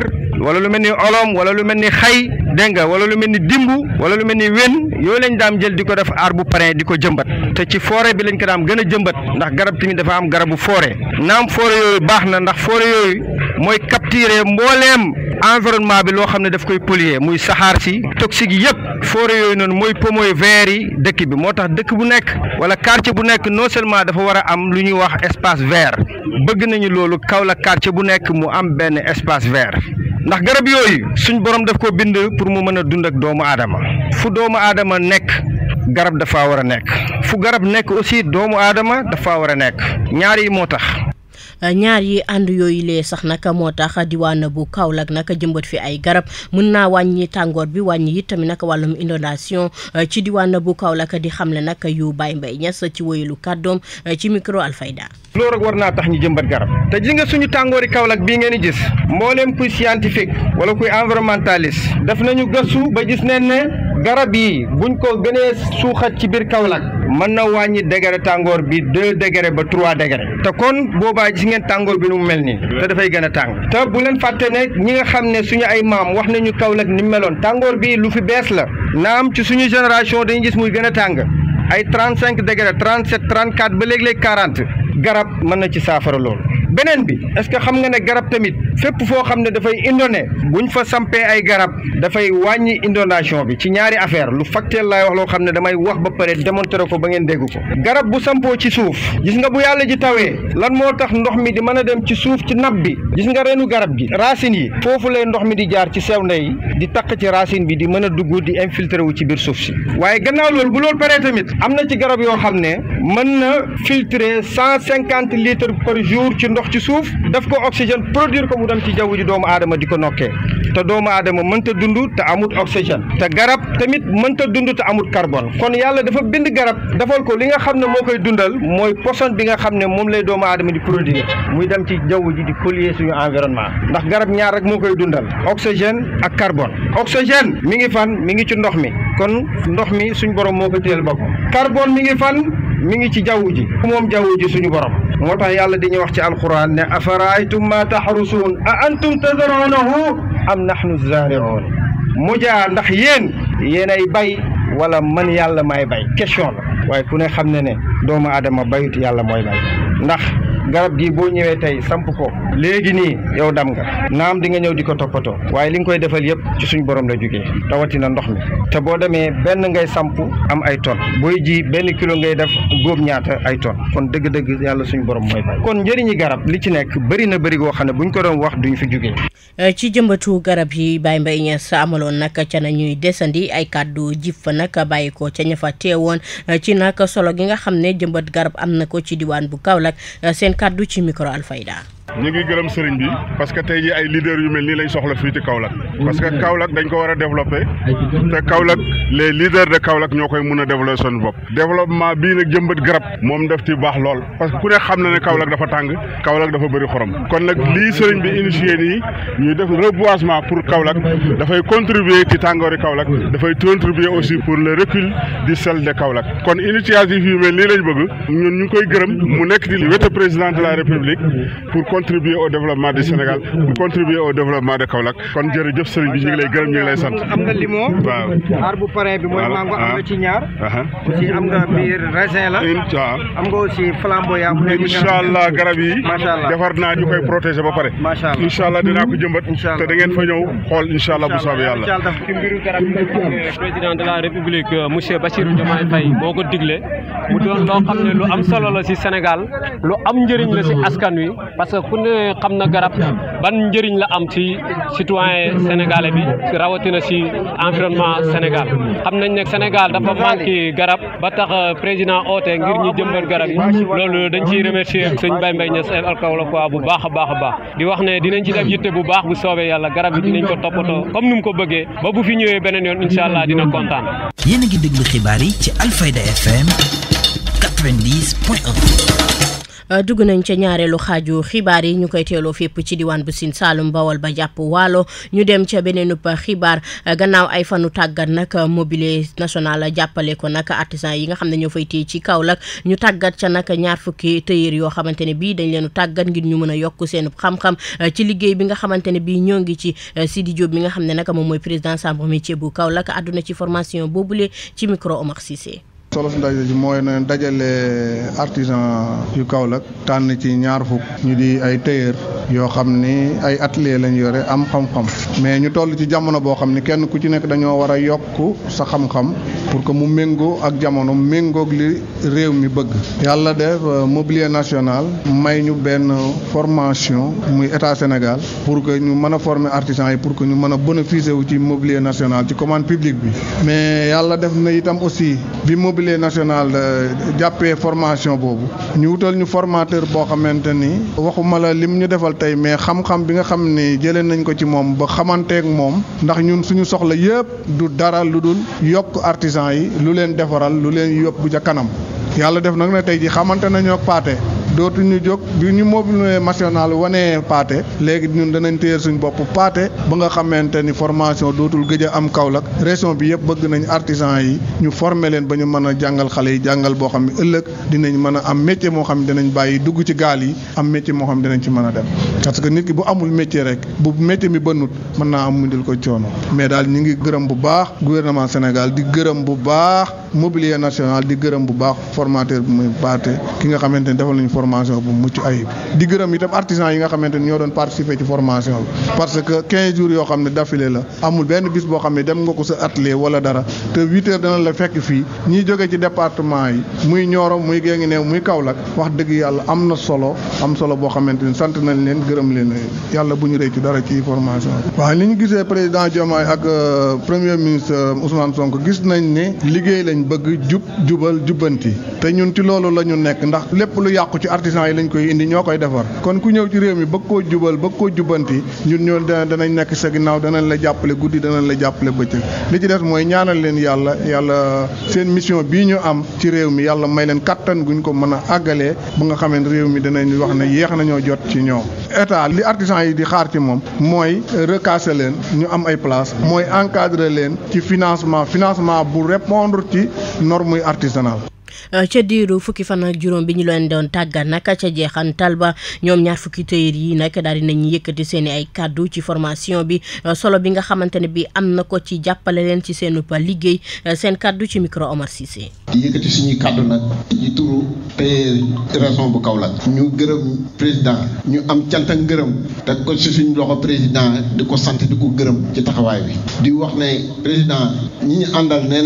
kër wala lu mel ni olom wala lu mel ni xay dégg nga wala lu mel ni dimbu wala lu mel ni wen yooyu lañ daam jël di ko def aar bu parrain di ko jëmbat te ci forêt bi lañ ko daam gën a jëmbat ndax garab tamit dafa am garabu forêt naam forêt yooyu baax na ndax forêt yooyu mooy capturer mbooleem environnement bi loo xam ne daf koy polluer muy saxaar si toxique yi yëpp forêt yooyu noonu mooy poumon vert yi dëkk bi moo tax dëkk bu nekk wala quartier bu nekk non seulement dafa war a am lu ñuy wax espace ver bëgg nañu loolu kaw la quartier bu nekk mu am benn espace vert ndax garab yooyu suñ borom daf ko bind pour mu mën a dund ak doomu aadama fu doomu aadama nekk garab dafa war a nekk fu garab nekk aussi doomu aadama dafa war a nekk ñaar moo tax Euh, ñaar yi ànd yooyu lee sax nag moo tax diwaan bu Kaolack nag jëmbat fi ay garab mën naa wàññi tàngoor bi wàññi it tamit nag wàllum inondation euh, ci diwaan bu Kaolack di xamle nag yu Baye Mbaye Niass ci woyalu kàddoom euh, ci micro Alfayda loolu war naa tax ñu jëmbat garab te ji nga suñu tàngoori Kaolack bii ngeen di gis mbooleem kuy scientifique wala kuy environnementaliste def nañu gëstu ba gis neen ne garab yi buñ ko gënee suuxat ci biir Kaolack mën na wàññi degré tàngoor bi deux degré ba trois degré te kon boobaa gis ngeen tàngoor bi nu mu mel nii te dafay gën a tàng te bu leen fàtte ne ñi nga xam ne suñu ay maam wax nañu Kaolack ni meloon tàngoor bii lu fi bees la naam ci suñu génération dañu gis muy gën a tàng ay 35 degré 37 34 ba léeg-léeg 40 garab mën na ci saafara loolu beneen bi est-ce que xam nga ne garab tamit fépp foo xam ne dafay indoné buñ fa sampee ay garab dafay wàññi inondation bi ci ñaari affaire lu factuel laay wax loo xam ne damay wax ba pare démontrer ko ba ngeen dégg ko garab bu sampoo ci suuf gis nga bu yàlla ji tawee lan moo tax ndox mi di mën a dem ci suuf ci nab bi gis nga reenu garab gi racines yi foofu lay ndox mi di jaar ci sew ndey di takk ci racine bi di mën a dugg di infiltrer wu ci biir suuf si waaye gannaaw loolu bu na ci garab yoo xam ne mën na filtrer cent cinquante dox ci suuf def ko oxygène produire ko mu dem ci jaww ji doomu aadama di ko nokkee te doomu aadama mënta dund te amut oxygène te garab tamit mënta dund te amut carbone kon yàlla dafa bind garab defal ko li nga xam ne moo koy dundal mooy poison bi nga xam ne moom lay doomu aadama di produire muy dem ci jaww ji di polluer suñu environnement ndax garab ñaar rek moo koy dundal oxygène ak carbone oxygène mi ngi fan mi ngi ci ndox mi kon ndox mi suñu borom moo ko téyel boppam carbone mi ngi fan mi ngi ci jaww ji moom jaww ji suñu borom moo tax yàlla di ñu wax ci alquran ne afaraaytum ma taxrusuun a antum tazaruunahu am nahnu zaariuun mujaa ndax yéen yéenay bay wala man yàlla may bay question la waaye ku ne xam ne ne doomu aadama bayut yàlla mooy bay ndax garab gii boo ñëwee tey samp ko léegi nii yow dam nga am di nga ñëw di ko toppatoo waaye li nga koy defal yëpp ci suñ borom la jógee na ndox mi te boo demee benn ngay samp am ay ton booy ji benn kilo ngay def góob ñaata ay ton kon dëgg-dëgg yàlla suñu borom mooy bay kon njëriñi garab li ci nekk bëri na bëri goo xam ne buñ ko doon wax duñu fi jógee eh, ci jëmbatu garab yi Baye Mbaye Niass amaloon nag ca na ñuy desandi ay kàddu jif fa nag bàyyi ko ca ña fa teewoon eh, ci nag solo gi nga xam ne jëmbat garab am na ko ci diwaan bu Kaolack eh, seen kaddu ci micro Alfayda. ñu ngi gërëm sëriñ bi parce que tey ay leader yu mel nii lañ soxla fii ci Kaolack parce que Kaolack dañ ko war a développé te Kaolack les leaders de Kaolack ñoo koy mun a développé seen bopp développement bii nag jëmbat garab moom def ci baax lool parce que ku ne xam na ne Kaolack dafa tàng Kaolack dafa bari xorom kon nag lii sëriñ bi initié nii ñuy def reboisement pour Kaolack dafay contribuer ci tàngoori Kaolack dafay contribuer aussi pour le recul du sel de Kaolack kon initiative yu mel nii lañ ñun ñu koy gërëm mu nekk di wéte président de la République pour contribuer au développement du Sénégal pour contribuer au développement de Kaolack kon jërëjëf sëriñ bi ñu ngi lay gërëm ñu ngi lay sant. am na limon. waaw aar bu paree bi mooy mango am na ah. uh-huh. am nga biir raisin la. am nga aussi flamboyant. incha allah garab yi. defar naa ñu koy ba pare. macha allah incha ko jëmbat. te da ngeen fa ñëw xool incha allah bu soobee yàlla. incha allah ci mbiru euh, moo ko digle mu doon loo xam ne lu am solo la si Sénégal lu am njëriñ la si askan wi parce ku ne xam na garab ban njëriñ la am ci citoyen sénégalais bi rawatina ci environnement Sénégal xam nañ ne Sénégal dafa manqué garab ba tax président oote ngir ñu jëmbat garab yi loolu dañ ciy remercier sëñ Baye Mbaye Niass El Alkaoulakoua bu baax a baax a baax di wax ne dinañ ci def yitte bu baax bu soobee yàlla garab yi dinañ ko toppatoo comme ni ko bëggee ba bu fi ñëwee beneen yoon incha allah dina kontaan. yéen a ngi déglu xibaar yi ci Alfayda Euh, dugg nañ ca ñaareelu xaaju xibaar yi ñu koy teeloo fépp ci diwaan bu Sine Saalum Bawol ba jàpp waalo ñu dem ca beneen xibaar euh, gannaaw ay fanu tàggat nag euh, mobile national jàppale ko nag artisan yi nga xam ne ñoo fay téye ci Kaolack ñu tàggat ca nag ñaar fukki tëyër yoo xamante ne bii dañ leen tàggat ngir ñu mën a yokk seen xam-xam ci liggéey bi nga xamante ne bii ñoo ngi ci di Diop mi nga xam ne nag moom mooy président chambre métier bu Kaolack àdduna ci formation boobule ci micro solo su ndaje ji mooy ne dajale artisan yu Kaolack tànn ci ñaar fukk ñu di ay tailleur yoo xam ni ay atelier lañ yore am xam-xam mais ñu toll ci jamono boo xam ni kenn ku ci nekk dañoo war a yokk sa xam-xam pour que mu méngoo ak jamono méngoog li réew mi bëgg yàlla def euh, mobilier national may ñu benn formation muy état Sénégal pour que ñu mën a former artisan yi pour que ñu mën a bénéficier wu ci mobilier national ci commande publique bi mais yàlla def na itam bi mobilier national euh, jàppee formation boobu ñu wutal ñu formateur boo xamante ni waxuma la lim ñu defal tey mais xam-xam bi nga xam ni jëlee nañ ko ci moom ba xamanteeg moom ndax ñun suñu soxla yépp du dara lu dul yokk artisan yi lu leen defaral lu leen yóbbu ca kanam yàlla def nag ne tey ji xamante nañoo paate dootuñu jóg bi ñu mobiliser national wane paate léegi ñun danañ téyeel suñ bopp paate ba nga xamante ni formation dootul gëj a am Kaolack région bi yëpp bëgg nañu artisan yi ñu former leen ba ñu mën a jàngal xale yi jàngal boo xam ne ëllëg dinañ mën a am métier moo xam ne dinañ bàyyi dugg ci gaal yi am métier moo xam ne dinañ ci mën a dem parce que nit ki bu amul métier rek bu métier mi bënnut mën naa am mundil ko coono mais daal ñu ngi gërëm bu baax gouvernement Sénégal di gërëm bu baax mobilier national di gërëm bu baax formateur bi muy paate ki nga xamante ni defal nañu formation bu mucc ayib di gërëm itam artisan yi nga xamante ni ñoo doon participer ci formation bi parce que 15 jours yoo xam ne d'affilée la amul benn bis boo xam ne dem nga ko sa atelier wala dara te 8 dana la fekk fii ñiy jóge ci département yi muy Nioro muy Guinguinéo muy Kaolack wax dëgg yàlla am na solo am solo boo xamante ni sant nañ leen gërëm leen yàlla bu ñu rëcc dara ci formation bi. waaw ñu gisee président Diomaye ak euh, premier ministre euh, artisan yi lañ koy indi ñoo koy defar kon ku ñëw ci réew mi bëgg koo jubal bëgg koo jubbanti ñun ñoo danañ nekk sa ginnaaw danañ la jàppale guddi danañ la jàppale bëccëg li ci def mooy ñaanal leen yàlla yàlla seen mission bii ñu am ci réew mi yàlla may leen kattan guñ ko mën a àggalee ba nga xamee réew mi danañ wax na yéex nañoo jot ci ñoom état li artisan yi di xaar ci moom mooy recaser leen ñu am ay place mooy encadrer leen ci financement financement bu répondre ci norme artisanale Euh, ca diiru fukki fan ak juróom bi ñu leen doon tàggat nag ca jeexantal ba ñoom ñaar fukki téyeer yi nag daal di nañu yëkkati seen i ay kàddu ci formation bi euh, solo bi nga xamante ne bi am na ko ci jàppale leen ci seen liggéey euh, seen kàddu ci micro Omar Cissé. yëkkati suñuy kàddu nag ci turu téye région bu Kaolack ñu gërëm président ñu am cant ak ngërëm teg ko ci suñu loxo président di ko sant di ko gërëm ci taxawaay bi di wax ne président ñu àndal nee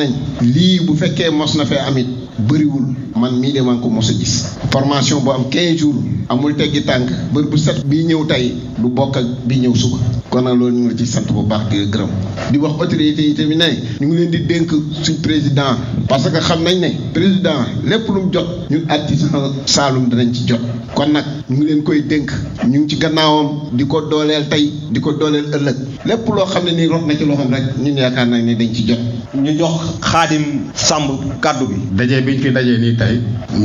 soppiwul man mii de maa ngi ko mos gis. formation bu am 15 jours amul teggi tànk bër bu set bii ñëw tey du bokk ak bii ñëw suba kon nag loolu ñu ngi ci sant bu baax di gërëm di wax autorité yi tamit ñu ngi leen di dénk suñ président parce que xam nañ ne président lépp lu mu jot ñun artiste Saloum danañ ci jot kon nag ñu ngi leen koy dénk ñu ngi ci gannaawam di ko dooleel tey di ko dooleel ëllëg lépp loo xam ne ni rot na ci loxoom rek ñun yaakaar nañ ne dañ ci jot. ñu jox xaadim sàmb kàddu bi. daje bi fi dajee nii tey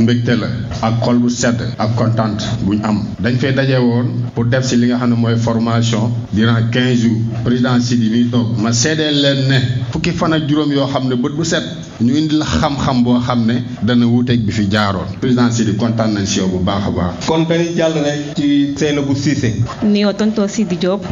mbégte la ak xol bu sedd ak contente bu ñu am dañ fee dajee woon pour def si li nga xam ne mooy formation durant quinze jours président Sidi nii toog ma seedeel leen ne fukki fan ak juróom yoo xam ne bët bu set ñu indi la xam-xam boo xam ne dana wuuteeg bi fi jaaroon président Sidi kontaan nañ si bu baax a baax. kon dañuy jàll rek ci Seynabou Cissé. nuyoo tonton Sidi Diop.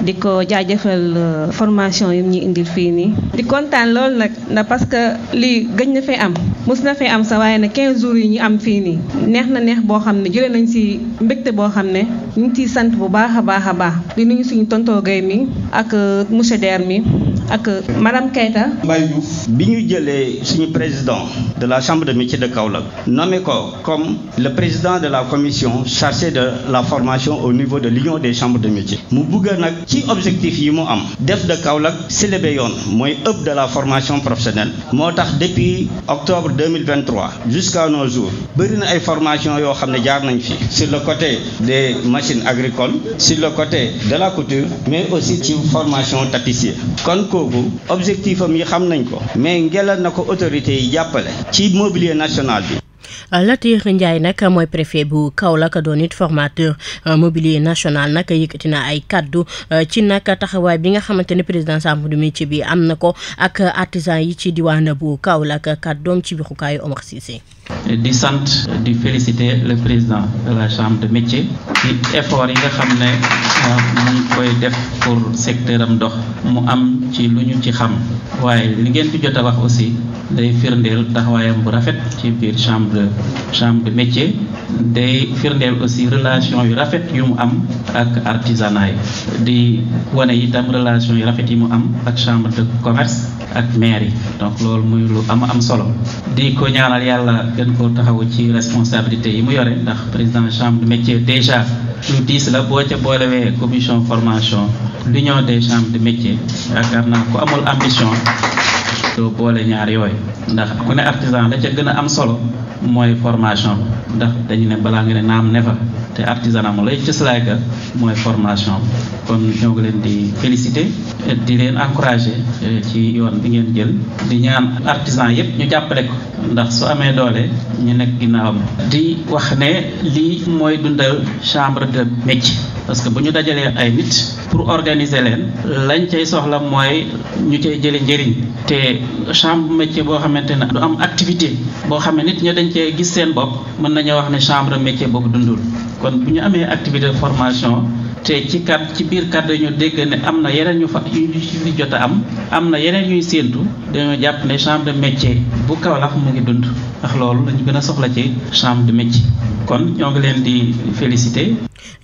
di ko jaajëfal euh, formation yi ñu indil fii nii. di kontaan loolu nag ndax parce que lii gëj na fee am mos na fee am sa waaye nag 15 jours yi ñu am fii nii neex na neex boo xam ne jëlee nañ si mbégte boo xam ne ñu ngi ciy sant bu baax a baax a baax di nuyu suñu tontoo gay mi ak euh, monsieur Der mi ak euh, madame Keita Mbaye Diouf bi ñu jëlee suñu président. de la Chambre de métiers de Kaolack nommé ko comme le président de la commission chargée de la formation au niveau de l'union des chambres de métiers mu bëgg nag ci objectif yi mu am def de Kaolack silébé yoon mooy hub de la formation professionnelle moo tax depuis octobre 2023 jusqu'à nos jours bëri na ay formation yoo xam ne jaar nañ fi sur le côté des machine agricoles sur le côté de la couture mais aussi ci formation tapissier kon kooku objectif am yi xam nañ ko mais ngelal na ko autorités yi jàppale ci mobilier national bi. Latir Ndiaye nag mooy préfet bu Kaolack doon it formateur euh, mobilier national nag yëkkati na ay kaddu euh, ci nag taxawaay bi nga xamante ne président Samba du métier bi am na ko ak artisan yi ci diwaan bu Kaolack kaddoom ci bixukaayu Omar Cissé di sant di féliciter le président de la chambre de métier ci effort yi nga xam ne euh, mu ngi koy def pour secteur am dox mu am ci lu ñu ci xam waaye li ngeen fi jot a wax aussi day firndeel taxawaayam bu rafet ci biir chambre chambre de métier day firndeel aussi relation yu rafet yu mu am ak artisana yi di wane itam relation yu rafet yi mu am ak chambre de commerce ak maire yi donc loolu muy lu am am solo di ko ñaanal yàlla dañ ko taxawu ci responsabilité yi mu yore ndax président chambre de métier déjà lu diis la boo ca boolewee commission formation l'union des chambres de métier yaakaar naa ko amul ambition soo boole ñaar yooyu ndax ku ne artisan la ca gën a am solo mooy formation ndax dañu ne balaa nga ne naam ne fa te artisanat mu lay cëslaay ka mooy formation kon ñoo leen di félicité di leen encourager euh, ci yoon bi ngeen jël di ñaan artisan yépp ñu jàppale ko ndax su amee doole ñu nekk ginnaawam di wax ne lii mooy dundal chambre de métier parce que bu ñu dajalee ay nit pour organiser leen lañ cay soxla mooy ñu cee jële njëriñ te chambre métier boo xamante ne du am activité boo xamee ne nit ñi dañ cee gis seen bopp mën nañoo wax ne chambre métier boobu dundul kon bu ñu amee activité formation te ci kat ci biir kat dañu dégg ne am na yeneen ñu fa yu ci jot am am na yeneen ñuy séentu dañoo jàpp ne chambre de métier bu Kaolack mu ngi dund ndax loolu lañu gën a soxla ci chambre de kon ñoo ngi leen di féliciter.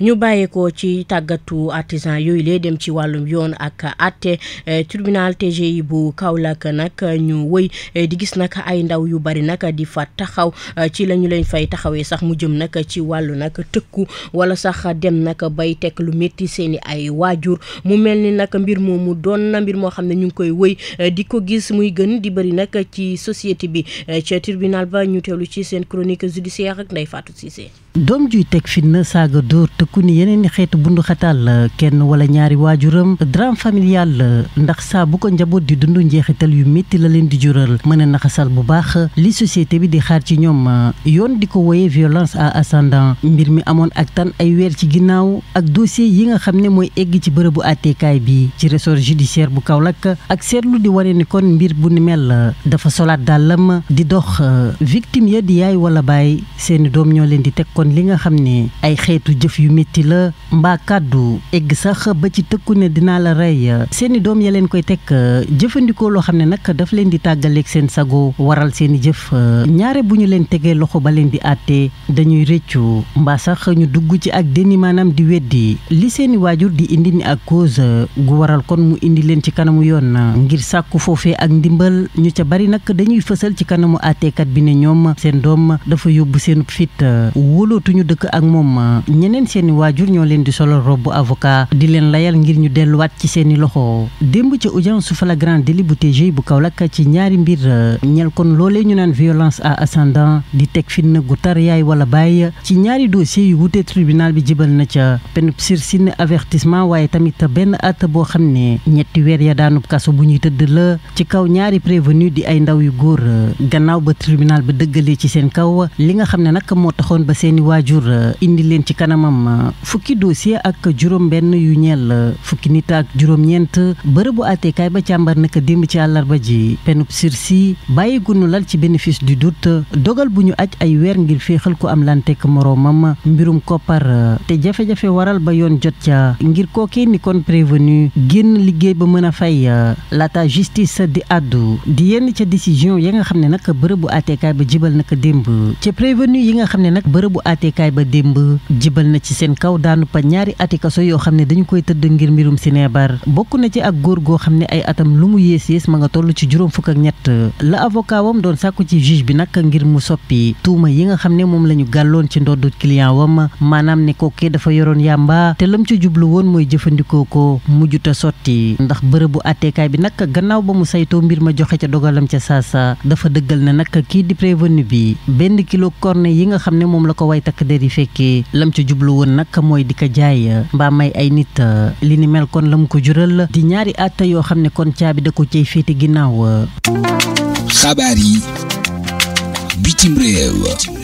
ñu bàyyeekoo ci tàggatu artisan yooyu lay dem ci wàllum yoon ak àtte eh, tribunal TGI bu Kaolack nag ñu wëy eh, di gis nag ay ndaw yu bari nag di fa taxaw eh, ci lañu ñu leen fay taxawee sax mu jëm nag ci wàllu nag tëkku wala sax dem nag bay teg lu métti seen i ay waajur mu mel ni nag mbir moomu doon na mbir moo xam ne ñu ngi koy woy eh, di ko gis muy gën di bëri nag ci société bi eh, ca tirbinal ba ñu teewlu ci seen chronique judiciaire ak Ndeye Fatou Cissé doom juy teg fitna saaga dóor tëkku ni yeneen i xeetu bundu euh, kenn wala ñaari waajuram drame la euh, ndax saa bu ko njaboot di dund njeexital yu métti la leen di jural mën a naxasal bu baax li société bi di xaar ci ñoom euh, yoon di ko woyee violence à ascendant mbir mi amoon ak tan ay weer ci ginnaaw ak dossier yi nga xam ne mooy egg ci bërëbu àtteekaay bi ci ressort judiciaire bu Kaolack ak seetlu di wane ni kon mbir bu ni mel la dafa solaat dàllam di dox victime ya di yaay wala baay seeni doom ñoo leen di teg li nga xam ne ay xeetu jëf yu métti la mbaa kàddu egg sax ba ci tëkku ne dinaa la rey seeni doom ya leen koy teg jëfandikoo loo xam ne nag daf leen di tàggaleeg seen sago waral seeni jëf ñaare bu ñu leen tegee loxo ba leen di àtte dañuy rëccu mbaa sax ñu dugg ci ak deni maanaam di weddi li seeni waajur di indi ni ak cause gu waral kon mu indi leen ci kanamu yoon ngir sàkku foofee ak ndimbal ñu ca bari nag dañuy fësal ci kanamu àtteekat bi ne ñoom seen doom dafa yóbbu seen fit dootuñu dëkk ak moom ah. ñeneen seeni waajur ñoo leen di solo robu avocat di leen layal ngir ñu delluwaat ci seeni loxo démb ci audience flagrant délit bu TGI bu Kaolack ci ñaari mbir ah. ñel kon loolee ñu naan violence à ascendant di teg fitna gu tar yaay wala bàyyi ah. ci ñaari dossier yu wutee tribunal bi jibal na ca penub sursis avertissement waaye tamit benn at boo xam ne ñetti weer ya daanub kaso bu ñuy tëdd la ci kaw ñaari prévenu di ay ndaw yu góor gannaaw ba tribunal ba dëggalee ci seen kaw li nga xam ne nag moo taxoon ba seen seeni waajur eh, indi leen ci kanamam eh, fukki dossier ak juróom-benn yu la eh, fukki nit ak juróom-ñeent bërëbu àttekaay ba càmbar naka démb ci àllarba ji penub sursis bàyyi gunu lal ci bénéfice di doute dogal bu ñu aj ay weer ngir féexal ko am lantek moroomam mbirum koppar te jafe-jafe waral ba yoon jot ca ngir kookee ni kon prévenu génn liggéey ba mën a fay laata justice di àddu di yenn ca décision ya nga xam ne nag bërëbu àttekaay ba jibal naka démb ca prévenu àtteekaay ba démb jibal na ci seen kaw daanu pa ñaari ati kaso yoo xam ne dañu koy tëdd ngir mbirum Sinébar bokk na ci ak góor goo xam ne ay atam lu mu yées yées ma nga toll ci juróom fukk ak ñett la avocat wam doon sàkku ci juge bi nag ngir mu soppi tuuma yi nga xam ne moom la ñu gàlloon ci ndoddu client wam maanaam ne kookee dafa yoroon yàmba te lam ci jublu woon mooy jëfandikoo ko mujjuta sotti ndax bërëbu àtteekaay bi nag gannaaw ba mu saytoo mbir ma joxe ca dogalam ca saasa dafa dëggal ne nag kii way takk der yi fekkee lam ca jublu woon nag mooy di ko jaay mbaa may ay nit li ni mel kon lamu ko jural di ñaari àtt yoo xam ne kon caabi da ko cay féete ginnaaw xabaar yi bitim réew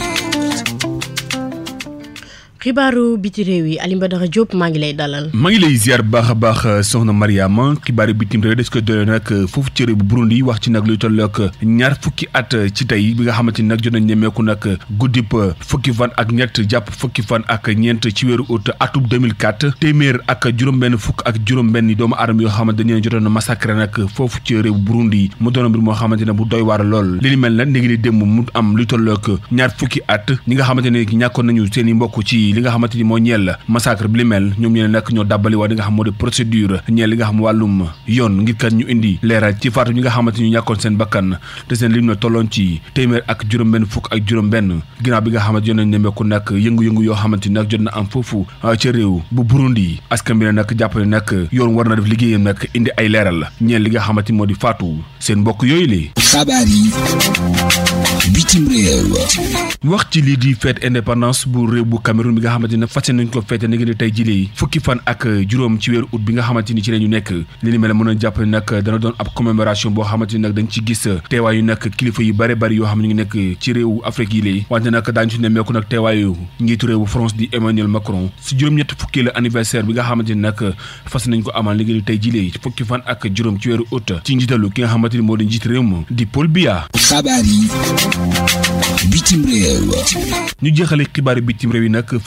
xibaaru biti réew yi Alioune Badara maa ngi lay dalal. maa ngi lay ziar baax a baax euh, soxna Mariama xibaaru bitim réew des ko doole nag euh, foofu ci réew bu Burundi wax ci nag lu toll euh, ñaar fukki at ci tey bi nga xamante ni nag jot nañ ñemeeku nag guddib fukki fan ak ñett jàpp fukki fan ak ñeent ci weeru août atub 2004 téeméer ak juróom-benn fukk ak juróom-benn doomu aadama yoo xamante ne jotoon massacré nag foofu ci réew bu Burundi mu doon mbir moo xamante ne bu doy waar lool li ni mel nag léegi ni démb mu am lu toll ñaar fukki at ñi nga xamante ne ñàkkoon nañu seen mbokk ci li nga xamante ni moo ñeel massacre bi li mel ñoom ñee nag ñoo dàbbali waa li nga xam moo di procédure ñeel li nga xam wàllum yoon ngir kat ñu indi leeral ci faatu ñi nga xamante ñu ñàkkoon seen bakkan te seen lim na tolloon ci téeméer ak juróom-benn fukk ak juróom-benn ginnaaw bi nga xamante yoon nañ nemmeeku nag yëngu-yëngu yoo xamante ni nag jot na am foofu ah, ca réew bu Burundi askan bi ne nag jàpp ne yoon war na def liggéeyam nag indi ay leeral ñeel li nga xamante ni moo di faatu seen mbokk yooyu li xabaar bu réew nga xamante ne fas ko feete ni ngi tey jilee a jàpp ne nag dana doon ab commémoration boo xamante ni yi fukki fan ak juróom ci weeru août ci njiitalu ki nga xamante ni moo di njiit réew mu di Paul Biya xabaar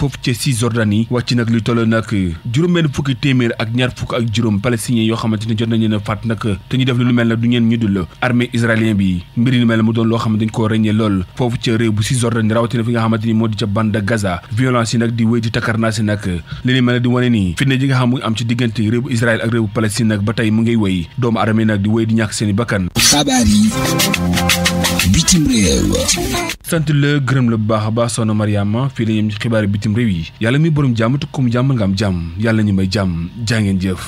foofu ca Cisjordanie wàcc nag lu toll nag juróom-benn fukki téeméer ak ñaar fukk ak juróom palestiniens yoo xamante ne jot nañu ne faat nag te ñu def lu mel ne du ñeen ñu dul armée israélien bi mbir yi mel mu doon loo xam ne dañ koo ràññee lool foofu ca réew bu Cisjordanie rawatina fi nga xamante ni moo di ca bande Gaza violence yi nag di wéy di takkarnaa si nag li ni mel di wane nii fitna ji nga xam mu am ci diggante réew bu bitim réew la gërëm la bu baax a baax soxna Mariama fii la ñuy ci xibaari bitim réew yi yàlla muy borom jàmm te ku mu jàmm nga am jàmm yàlla ñu may jàmm jaa ngeen jëf.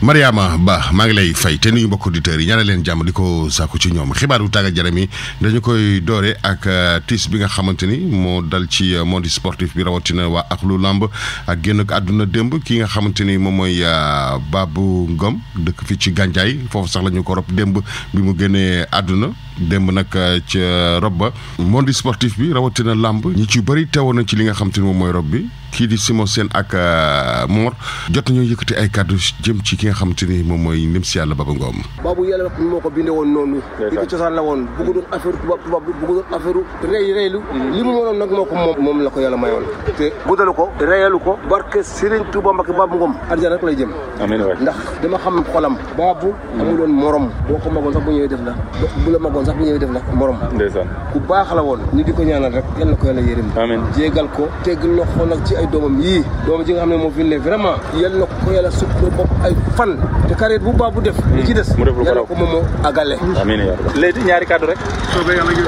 Mariama Ba maa ngi lay fay te nuyu mbokk auditeurs yi ñaanal leen jàmm di ko sàkku ci ñoom xibaaru tàggat yaram yi dañu koy doore ak euh, tiis bi nga xamante ni moo dal ci euh, monde sportif bi rawatina waa ak lu làmb ak génn àdduna démb ki nga xamante ni moom mooy euh, Babou Ngom dëkk fii ci Gandiaye foofu sax ñu ko rob démb bi mu génnee àdduna démb nag ca rob ba monde sportif bi rawatina làmb ñi ci bëri teewoon na ci li nga xam ni moom mooy rob bi kii di Simon Sène ak Mor jot nañoo yëkkati ay kàddu jëm ci nga xam te ni moom mooy ndem si yàlla Baba Ngom baabu yàlla moo ko bindee woon noonu di ko cosaan la woon bugg doon affaire tubaab tubaab bugg doon affaire rey reylu mm-hmm. li mu mënoon nag moo ndax dama xam xolam baabu mm-hmm. amuloon morom boo ko magoon sax bu ñëwee def la bu la magoon sax bu ñëwee def la morom ku baax la woon ñu di ko ñaanal rek yal na ko yàlla yërëm jéegal ko tegg loxo nag ci ay doomam yii doomam ji nga xam ne moo fi ne vraiment yal na ko yàlla sutura bopp ay fan te carrière bu baa bu def. li ci des yàlla ko moom moo àggale. amiin léegi ñaari kàddu rek.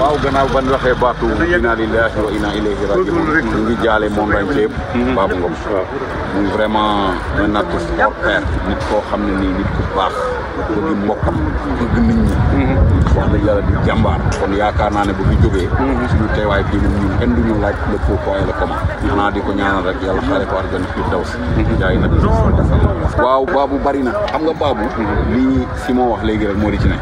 waaw gannaaw ban waxee baatu inna lillahi wa inna ilayhi rajiun ñu ngi jaale moom lañ ceeb. Babou Ngom muy vraiment un artiste hors pair nit koo xam ne nii nit ku baax bëgg mbokkam bëgg nit ñi. wax dëgg yàlla di jàmbaar kon yaakaar naa ne bu fi jógee mhm. suñu teewaay fii moom ñun kenn duñu laaj le pourquoi et mhm. na waaw baabu bari na xam nga baabu mhm. lii si moo wax léegi rek moo di ci ne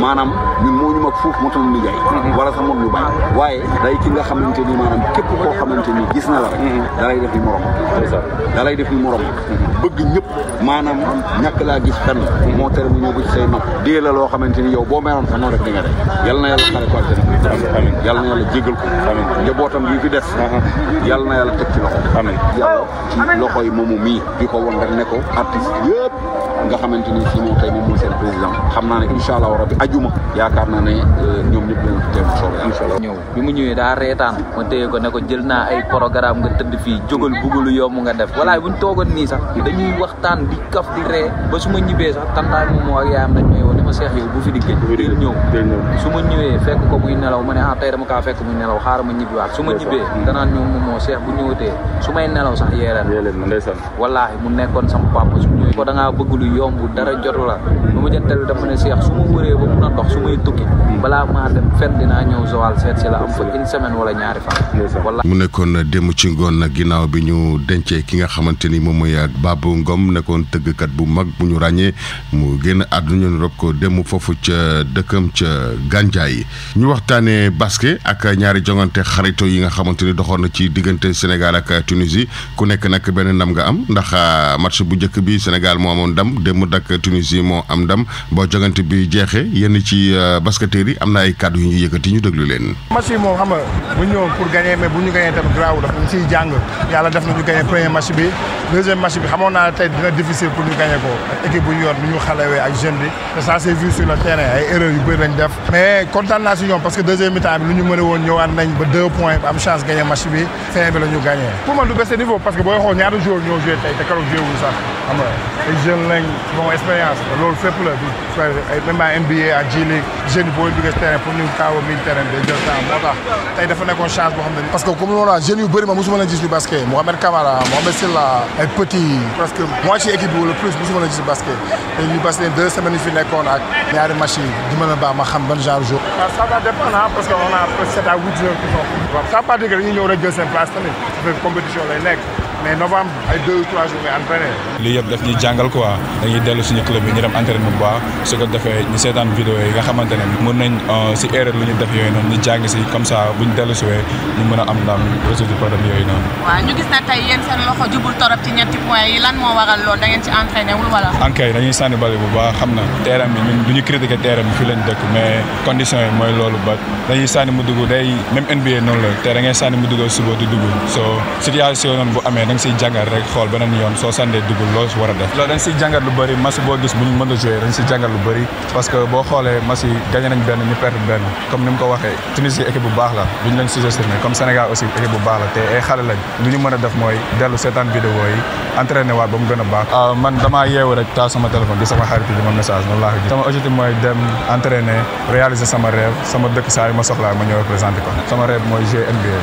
maanaam ñun moo ñu mag fuuf motul ñu jaay wala sax mot ñu bàyyi waaye day ki nga xamante ni maanaam képp koo xamante ni gis na la rek dalay def ni morom dalay def ni morom bëgg ñëpp maanaam ñàkk laa gis fenn moo tere mu ñëw ko ci say mag dée la loo boo meroon sax def rek di nga def yal na yàlla xale ko àjjana amiin yal a yàlla jégal ko a njabootam yi fi des yal na yàlla teg ci loxo amiin yàlla ci loxo yi moomu ni si moom tey moom mooy seen président xam naa ne incha allah rabbi ajuma yaakaar naa ne euh, ñoom ñëpp dañu fi teew soobee incha allah ñëw bi mu ñëwee daa reetaan ma téye ko ne ko jël naa ay programme nga tëdd fii jógal bugulu yomb nga def walaay buñ toogoon nii sax dañuy waxtaan di kaf di ree ba su ma ñibbee sax tantaay moom ak yaayam dañ may woo ne seex yow bu fi di ñëw su ma ñëwee fekk ko buy nelaw ma ne ah tey dama kaa fekk muy nelaw xaaral ma ñibbiwaat su ma ñibbee danaan ñëw moom moo seex bu ñëwatee su may nelaw sax yeeleen ndeysaan wallaahi mu nekkoon sama papa su ñëwee ko da ngaa bëgg lu la mm. ma jëntal dafa ne seex ba a dox su may tukki mm. balaa maa dem fenn dinaa ñëw Joal seet si la fa une wala ñaari fan wallaahi mu nekkoon ci ngoon na ginnaaw bi ñu dencee ki nga xamante ni moom mooy Babou Ngom nekkoon tëggkat bu mag bu ñu ràññee mu génn àdduna ñu rob ko démb foofu ca dëkkam maanaam ca yi ñu waxtaanee basket ak ñaari jongante xarito yi nga xamante ni doxoon na ci diggante Sénégal ak Tunisie ku nekk nag benn ndam nga am ndax euh, match bu njëkk bi Sénégal moo amoon ndam démb dak Tunisie moo am ndam boo jongante bi jeexee yenn ci euh, basketteurs yi am na ay kàddu yu ñuy yëkkati ñu déglu leen. match yi moom xam nga bu ñu ñëwoon pour gagner mais bu ñu gagner tamit graaw dafa ñu ciy jàng yàlla def nañu gagner premier match bi deuxième match bi xamoon naa tey te ça s'est vu sur le terrain ay lañ def mais kontaan naa ñoom parce que deuxième mi lu ñu mën woon ñëwaat nañ ba deux points ba am chance gagné match bi fin ñu gagné pour man du baisse niveau parce que booy xool ñaari joueurs ñoo joué tey te keroog joué wuñu sax xam nga ay jeunes lañ bon expérience loolu fépp la du même ay NBA ak G League jeune yi boo duggee terrain pour ñu kaaw a miin terrain day jël temps moo tax tey dafa nekkoon chance boo xam ne parce que comme loolu la jeunes yu bëri ma mosuma leen gis ñu basket Mohamed Camara Mohamed Silla ay petit presque moitié équipe bi wala plus mosuma leen gis ñu basket te ñu basket deux semaines yu fi nekkoon ak ñaari match yi di mën a baax ma xam ban genre jour ah, ça va dépendre parce que on a sept à huit joueurs qui sont ça pas dire que dañuy ñëw rek jël seen place tamit compétition lay nekk mais novembre ay deux trois jours nga entraîné. lii yëpp daf ñuy jàngal quoi dañuy dellu suñu club bi ñu dem entraînement bu baax su defee ñu seetaan vidéo yi nga xamante ne mën nañ euh, si erreur lu ñu def yooyu noonu ñu jàng si comme ça bu dellu suwee ñu mën a am ndam résoudre problème gis na tey yéen seen loxo jubul torop ci ñetti points yi lan moo waral loolu da ngeen ci entraîné wul wala. ankay dañuy sànni bale bu baax xam na terrain bi ñun du ñu critiqué terrain bi fii lañ dëkk mais condition yi mooy loolu ba dañuy sànni mu dugg day même NBA noonu la te da ngay sànni mu dugg suba du dugg so situation noonu bu amee da nga siy jàngat rek xool beneen yoon soo sànnee dugub loo war a def loolu da nga siy jàngat lu bëri match boo gis bu ñu mën a joué dañ siy lu bëri parce que boo xoolee match yi benn ñu perte benn comme ni mu ko waxee Tunisie équipe bu baax la duñu leen sous-estimé comme aussi équipe bu baax la te ay xale lañ lu ñu a def mooy dellu seetaan vidéo yi entraîné waat ba mu gën a baax ah, man damaa yeewu rek taal sama téléphone di sama xarit di ma message noonu laa ko sama objectif mooy dem entraîner réaliser sama rêve ma soxlaa ma ñëw représenté ko sama rêve mooy jouer NBA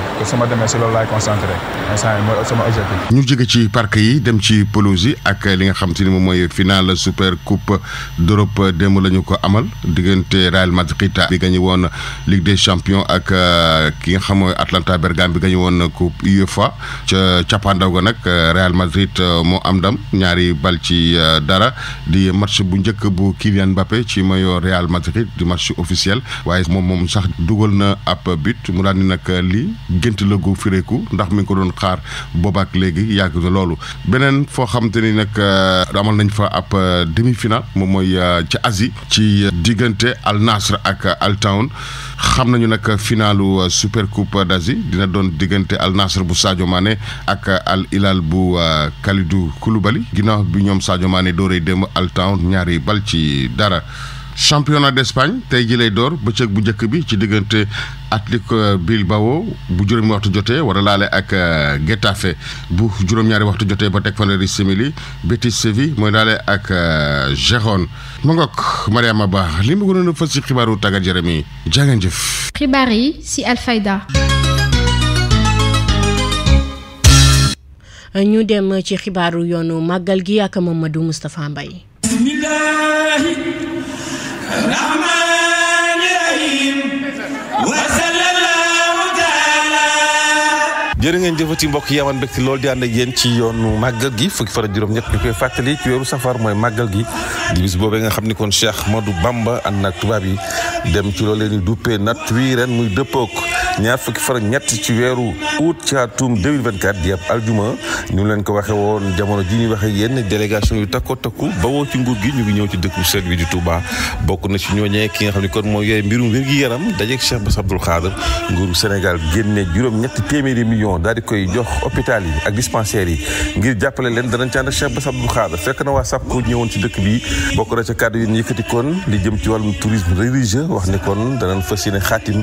ñu jóge ci parc yi dem ci pelouse yi ak li nga xam te ni moom mooy finale super coupe d'Europe démb la ñu ko amal diggante Real Madrid bi gañu woon Ligue des champion ak euh, ki nga xam mooy Atlanta Bergame bi gañu woon coupe UEFA ca cappaandaw ga nag euh, Real Madrid euh, moo am ndam ñaari bal ci dara di match bu njëkk bu Kylian Mbappé ci maillot Real Madrid di match officiel waaye moom moom sax dugal na ab but mu daal ni nag li gént la gu fireeku ndax mi ngi ko doon xaar boobaak léegi yàgg loolu beneen foo xam te ni nag euh, amal nañ fa ab euh, demi final moom mooy euh, ci asi ci diggante Al Nasr ak Al Town xam nañu nag finalu super coupe d'Asie dina doon diggante Al Nasr bu Sadio Mané ak Al Hilal bu Kalidou Koulibaly ginnaaw bi ñoom Sadio Mané dooree démb Al Town ñaari bal ci dara. championnat d'Espagne tey ji lay door bëccëg bu njëkk bi ci diggante Atlético Bilbao bu juróomi waxtu jotee war laale ak euh, Getafe bu juróom-ñaari waxtu jotee ba teg fanweeri simili Betis mooy laale ak euh, Gérone ma ngoog Mariama Ba li ma gënoon a fës ci xibaaru tàggat yaram yi jëf. xibaar yi ci Alfayda. ñu dem ci xibaaru yoonu màggal gi ak Mamadou Moustapha Mbaye. bismillah. jërë ngeen jëfati mbokk yi amoon mbégte loolu di ànd ak yéen ci yoonu màggal gi fukki fan ak juróom-ñett ñu koy fàttali ci weeru safar mooy màggal gi di bis boobee nga xam ni kon Cheikh Modou Bamba ànd ak tubaab yi dem ci loolu leen di duppee natt wi ren muy dëppook ñaar fukki fan ak ñett ci weeru août ci atum 2024 di ab aljuma ñu leen ko waxee woon jamono ji ñuy waxee yenn délégation yu takko takku bawoo ci nguur gi ñu ngi ñëw ci dëkk bu sell bi di Touba bokk na ci ñooñee ki nga xam ne kon mooy yooyu mbirum wér gi yaram dajeeg Cheikh Bass Abdoul Khadre nguuru Sénégal génne juróom ñetti téeméeri million daal di koy jox hôpital yi ak dispensaires yi ngir jàppale leen danañ ci ànd ak Cheikh Bass Abdoul Khadre fekk na waa SAPCO ñëwoon dëkk bi bokk na ca kàddu yi ñu yëkkati kon li jëm ci wàllum tourisme religieux wax ni kon danañ fas yéene xaatim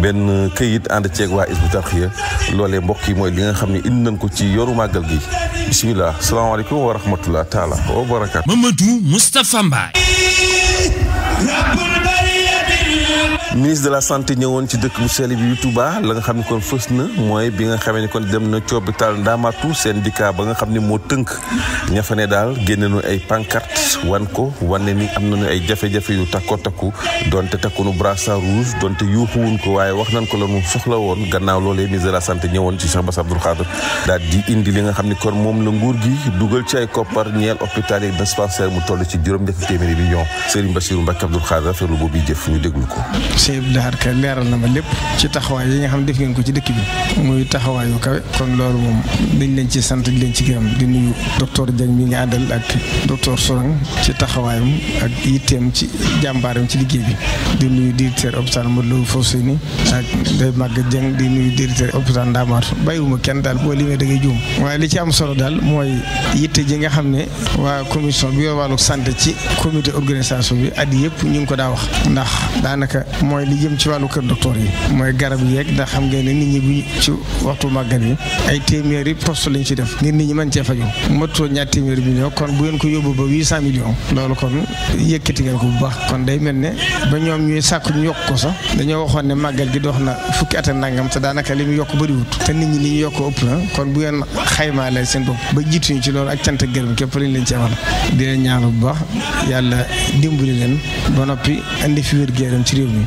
benn këy liggéey it ànd ceeg waa Hizbut Tarqiyyah loolee mbokk yi mooy li nga xam ne indi nañ ko ci yoru màggal gi bisimilah salaamaaleykum wa rahmatulah taala wa barakaatu Mamadou Moustapha Mbaye ministre de la santé ñëwoon ci dëkk bu sell bi Touba la nga xam ne kon fës na mooy bi nga xamee ni kon dem na ci hôpital Ndamatu seen dikkaa ba nga xam ne moo tënk ña ne daal génne nu ay pancarte wan ko wane ni am na nañu ay jafe-jafe yu takko takku donte takkunu brassard rouge donte yuuxuwuñ ko waaye wax nañ ko la nu la woon gannaaw loolee ministre de la santé ñëwoon ci Cheikh Bass Abdoul Khadre daal di indi li nga xam ne kon moom la nguur gi dugal ci ay koppar ñeel hôpital mu toll ci juróom-ñetti téeméeri million Serigne Bassirou Mbacké Abdoul Khadre rafetlu boobu jëf ñu déglu ko sëñ Abdou Lahad Ka leeral na ma lépp ci taxawaay yi nga xam def ngeen ko ci dëkk bi muy taxawaayu kawe kon loolu moom dañ leen ci sant di leen ci gërëm di nuyu docteur Dieng mi nga àndal ak ak yitteem ci jàmbaaram di nuyu directeur hôpital Modou Lo Fousseyni ak day màgg Dieng di nuyu directeur hôpital Ndamar kenn daal boo limee da ngay juum waaye li ci am solo daal mooy yitte ji nga xam ne waa commission bi yor wàllu santé ci comité organisation bi at yëpp ñu ngi ko daa wax ndax daanaka mooy mooy li jëm ci wàllu kër docteur yi mooy garab yeeg ndax xam nga ne nit ñi bu ci waxtu màggal yi ay téeméeri poste lañ ci def ngir nit ñi mën cee faju mottoo ñaar téeméeri million kon bu ngeen ko yóbbu ba huit cent millions loolu kon yëkkati ngeen ko bu baax kon day mel ne ba ñoom ñuy sàkku ñu yokk ko sax dañoo waxoon ne màggal gi dox na fukki at nangam te daanaka li mu yokk bëriwut te nit ñi li ñu yokk ëpp na kon bu ngeen xaymaa leen seen bopp ba jiitu ñu ci loolu ak cant ak gërëm képp lañ leen ci amal di leen bu baax yàlla dimbali leen ba noppi indi fi wér gu ci réew mi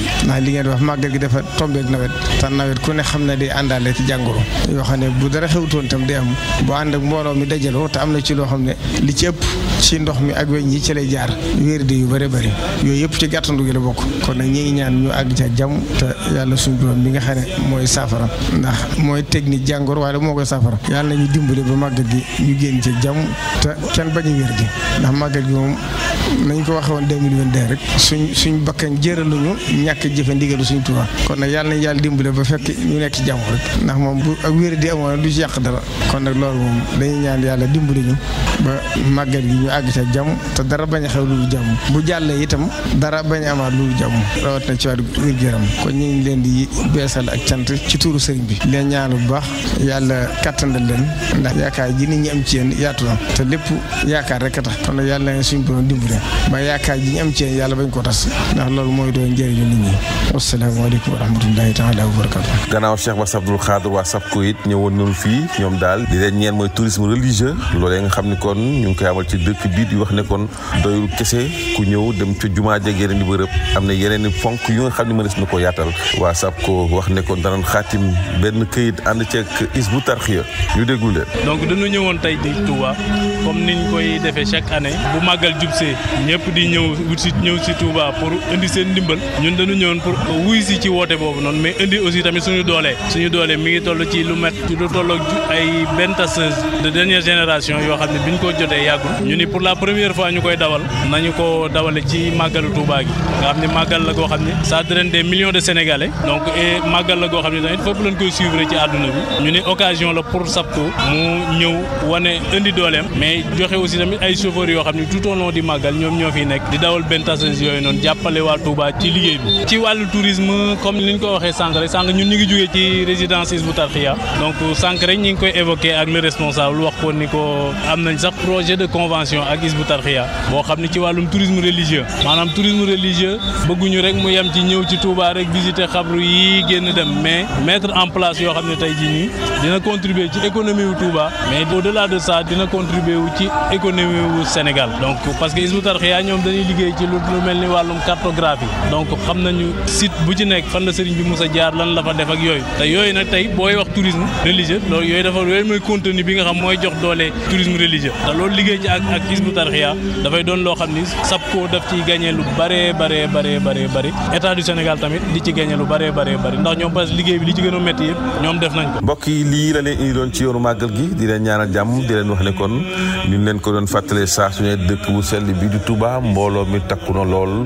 ndax li ngeen wax màggal gi dafa tombeeg nawet te nawet ku ne xam ne day àndaale ci jàngoro yoo xam ne bu dara xewtoon tam day am bu ànd ak mbooloo mi dajaloo te am na ci loo xam ne li ci ëpp ci ndox mi ak weñ yi ci lay jaar wéer de yu bëri bëri yooyu yëpp ci gàttandu gi la bokk kon nag ñi ngi ñaan ñu àgg ca jam te yàlla suñu borom bi nga xam ne mooy saafara ndax mooy technique jàngoro waaye moo koy saafara yàlla nañu dimbale ba màggal gi ñu génn ci jàmm te kenn bañ a gi ndax màggal gi moom nañ ko waxee woon 2022 rek suñ suñ bakkan jëraluñu ñàkk jëfe ndigalu suñu Tuubaa kon nag yàlla nañ yàlla dimbale ba fekk ñu nekk ci jàmm rek ndax moom bu ak wér di amoon du ci yàq dara kon nag loolu yàlla dimbale ñu ba màggal gi ñu àgg ca jàmm te dara bañ xew lu jàmm bu jàllee itam dara bañ a amaat lu jàmm rawat ci wàllu wér gu ñu leen di beesal ak cant ci tuuru sëriñ bi leen ñaan bu baax yàlla kàttandal leen ndax yaakaar ji nit ñi am ci yéen yaatu na te lépp yaakaar rek a tax kon nag yàlla na suñu borom dimbale ba yaakaar ji ñu am ci ko tas ndax loolu mooy doon njëriñu nit ñi wasalaamaaleykum wa rahmatullahi taala wa barakatu gannaaw Cheikh Bass Abdoul Khadr waa ko it ñëwoon nañu fii ñoom daal di leen ñeen mooy tourisme religieux loolee nga xam ne kon ñu ngi koy amal ci dëkk bii di wax ne kon doyul kese ku ñëw dem ci jumaa jeg yeneen di bërëb am na yeneen i fonk yu nga xam ne mënees na ko yaatal waa SAPCO wax ne kon danañ xaatim benn kayit ànd ceeg is bu tarxiya ñu déglu leen donc dañu ñëwoon tey di Touba comme niñ koy defee chaque bu màggal jubsee ñëpp di ñëw wut si ñëw pour noonu pour wuy si ci woote boobu noonu mais indi aussi tamit suñu doole suñu doole mi ngi toll ci lu met lu toll ak ay benn tasseuse de dernière génération yoo xam ne bi ñu ko jotee yàggul ñu ni pour la première fois ñu koy dawal nañu ko dawale ci màggalu Touba gi nga xam ne màggal la goo xam ne ça draine des millions de sénégale donc et màggal la goo xam ne tamit fépp lañ koy suivre ci àdduna bi ñu ni occasion la pour SAPCO mu ñëw wane indi dooleem mais joxe aussi tamit ay chauffeurs yoo xam ne tout au di màggal ñoom ñoo fiy nekk di dawal benn yooyu noonu jàppale waa Touba ci liggéey bi ci wàllu tourisme comme ni ñu ko waxee sànq rek sànq ñun ñu ngi jógee ci résidence Hizbut Tarqiyyah donc sànq rek ñu ngi koy évoqué ak le responsable wax ko ni ko am nañ sax projet de convention ak Hizbut boo xam ne ci wàllum tourisme religieux maanaam tourisme religieux bëgguñu rek mu yem ci ñëw ci Touba rek visiter xabru yi génn dem mais mettre en place yoo xam ne tey jii nii dina contribuer ci économie wu Touba mais au delà de ça dina contribuer w ci économie wu Sénégal donc parce que Hizbut Tarqiyyah ñoom dañuy liggéey ci lu mel ni wàllum cartographie ñu site bu ci nekk fan la sëriñ bi mos a jaar lan la fa def ak yooyu te yooyu nag tey booy wax tourisme religieux yooyu mooy contenu bi nga xam mooy jox doole tourisme religieux te loolu liggéey ci ak ak Hizbut Tarqiyyah dafay doon loo xam ni SAPCO daf ciy gagné lu bëree bëree bëree bëree état du Sénégal tamit di ci gagné lu bëree bëree bëri ndax ñoom parce que liggéey bi li ci gën a métti yëpp ñoom def nañ ko. mbokk yi lii la leen indi doon ci yoonu màggal gi di leen ñaanal jàmm di leen wax ne kon ko doon fàttalee saa su ne dëkk bu sell bi di Touba mbooloo mi takku na lool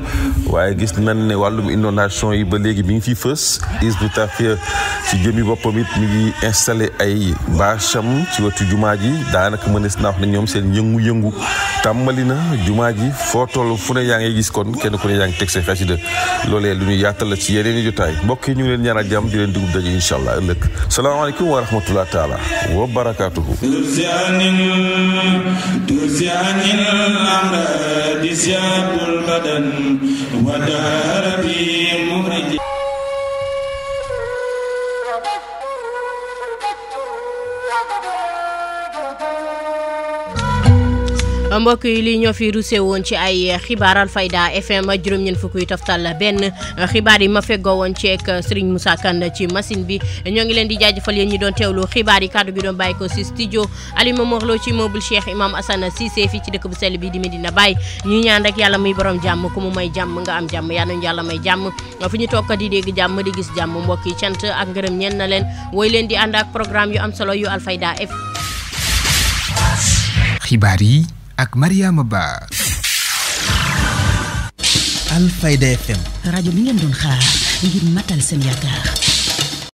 inondation yi ba léegi bi ngi ciy fës Hizbut Tarqiyyah ci jëmi boppam it mi ngi installé ay bâcham ci wetu jumaa ji daanaka mënees naa wax ñoom seen yëngu-yëngu tàmbali na jumaa ji foo toll fu ne yaa ngi gis kon kenn ku ne yaa ngi teg say xasida loolee lu ñu yaatal la ci yeneen i jotaay mbokk yi ñu ngi leen ñaanal jàmm di leen dugub daje incha allah ëllëg salaamaaleykum wa rahmatullah taala barakaatuhu المخرج mbokk yi lii ñoo fi rusé woon ci ay xibaar Alfayda FM juróom-ñeent fukk yu toftal benn xibaar yi ma feggoo woon ci ak Serigne Moussa ci machine bi ñoo ngi leen di jaajëfal yéen ñu doon teewlu xibaar yi kàddu bi doon bàyyi ko si studio Alioune Momar Lo ci immeuble Cheikh Imam Assane Cissé fii ci dëkk bu sell bi di dina Baye ñuy ñaan rek yàlla muy borom jàmm ku mu may jàmm nga am jàmm yal nañu yàlla may jàmm fu ñu toog di dégg jàmm di gis jàmm mbokk yi cant ak ngërëm ñeen na leen wooy leen di ànd ak programme yu am solo yu Alfayda FM yi ak Mariama Ba. Alfayda FM. rajo bi ngeen doon xaar ngir matal seen yaakaar.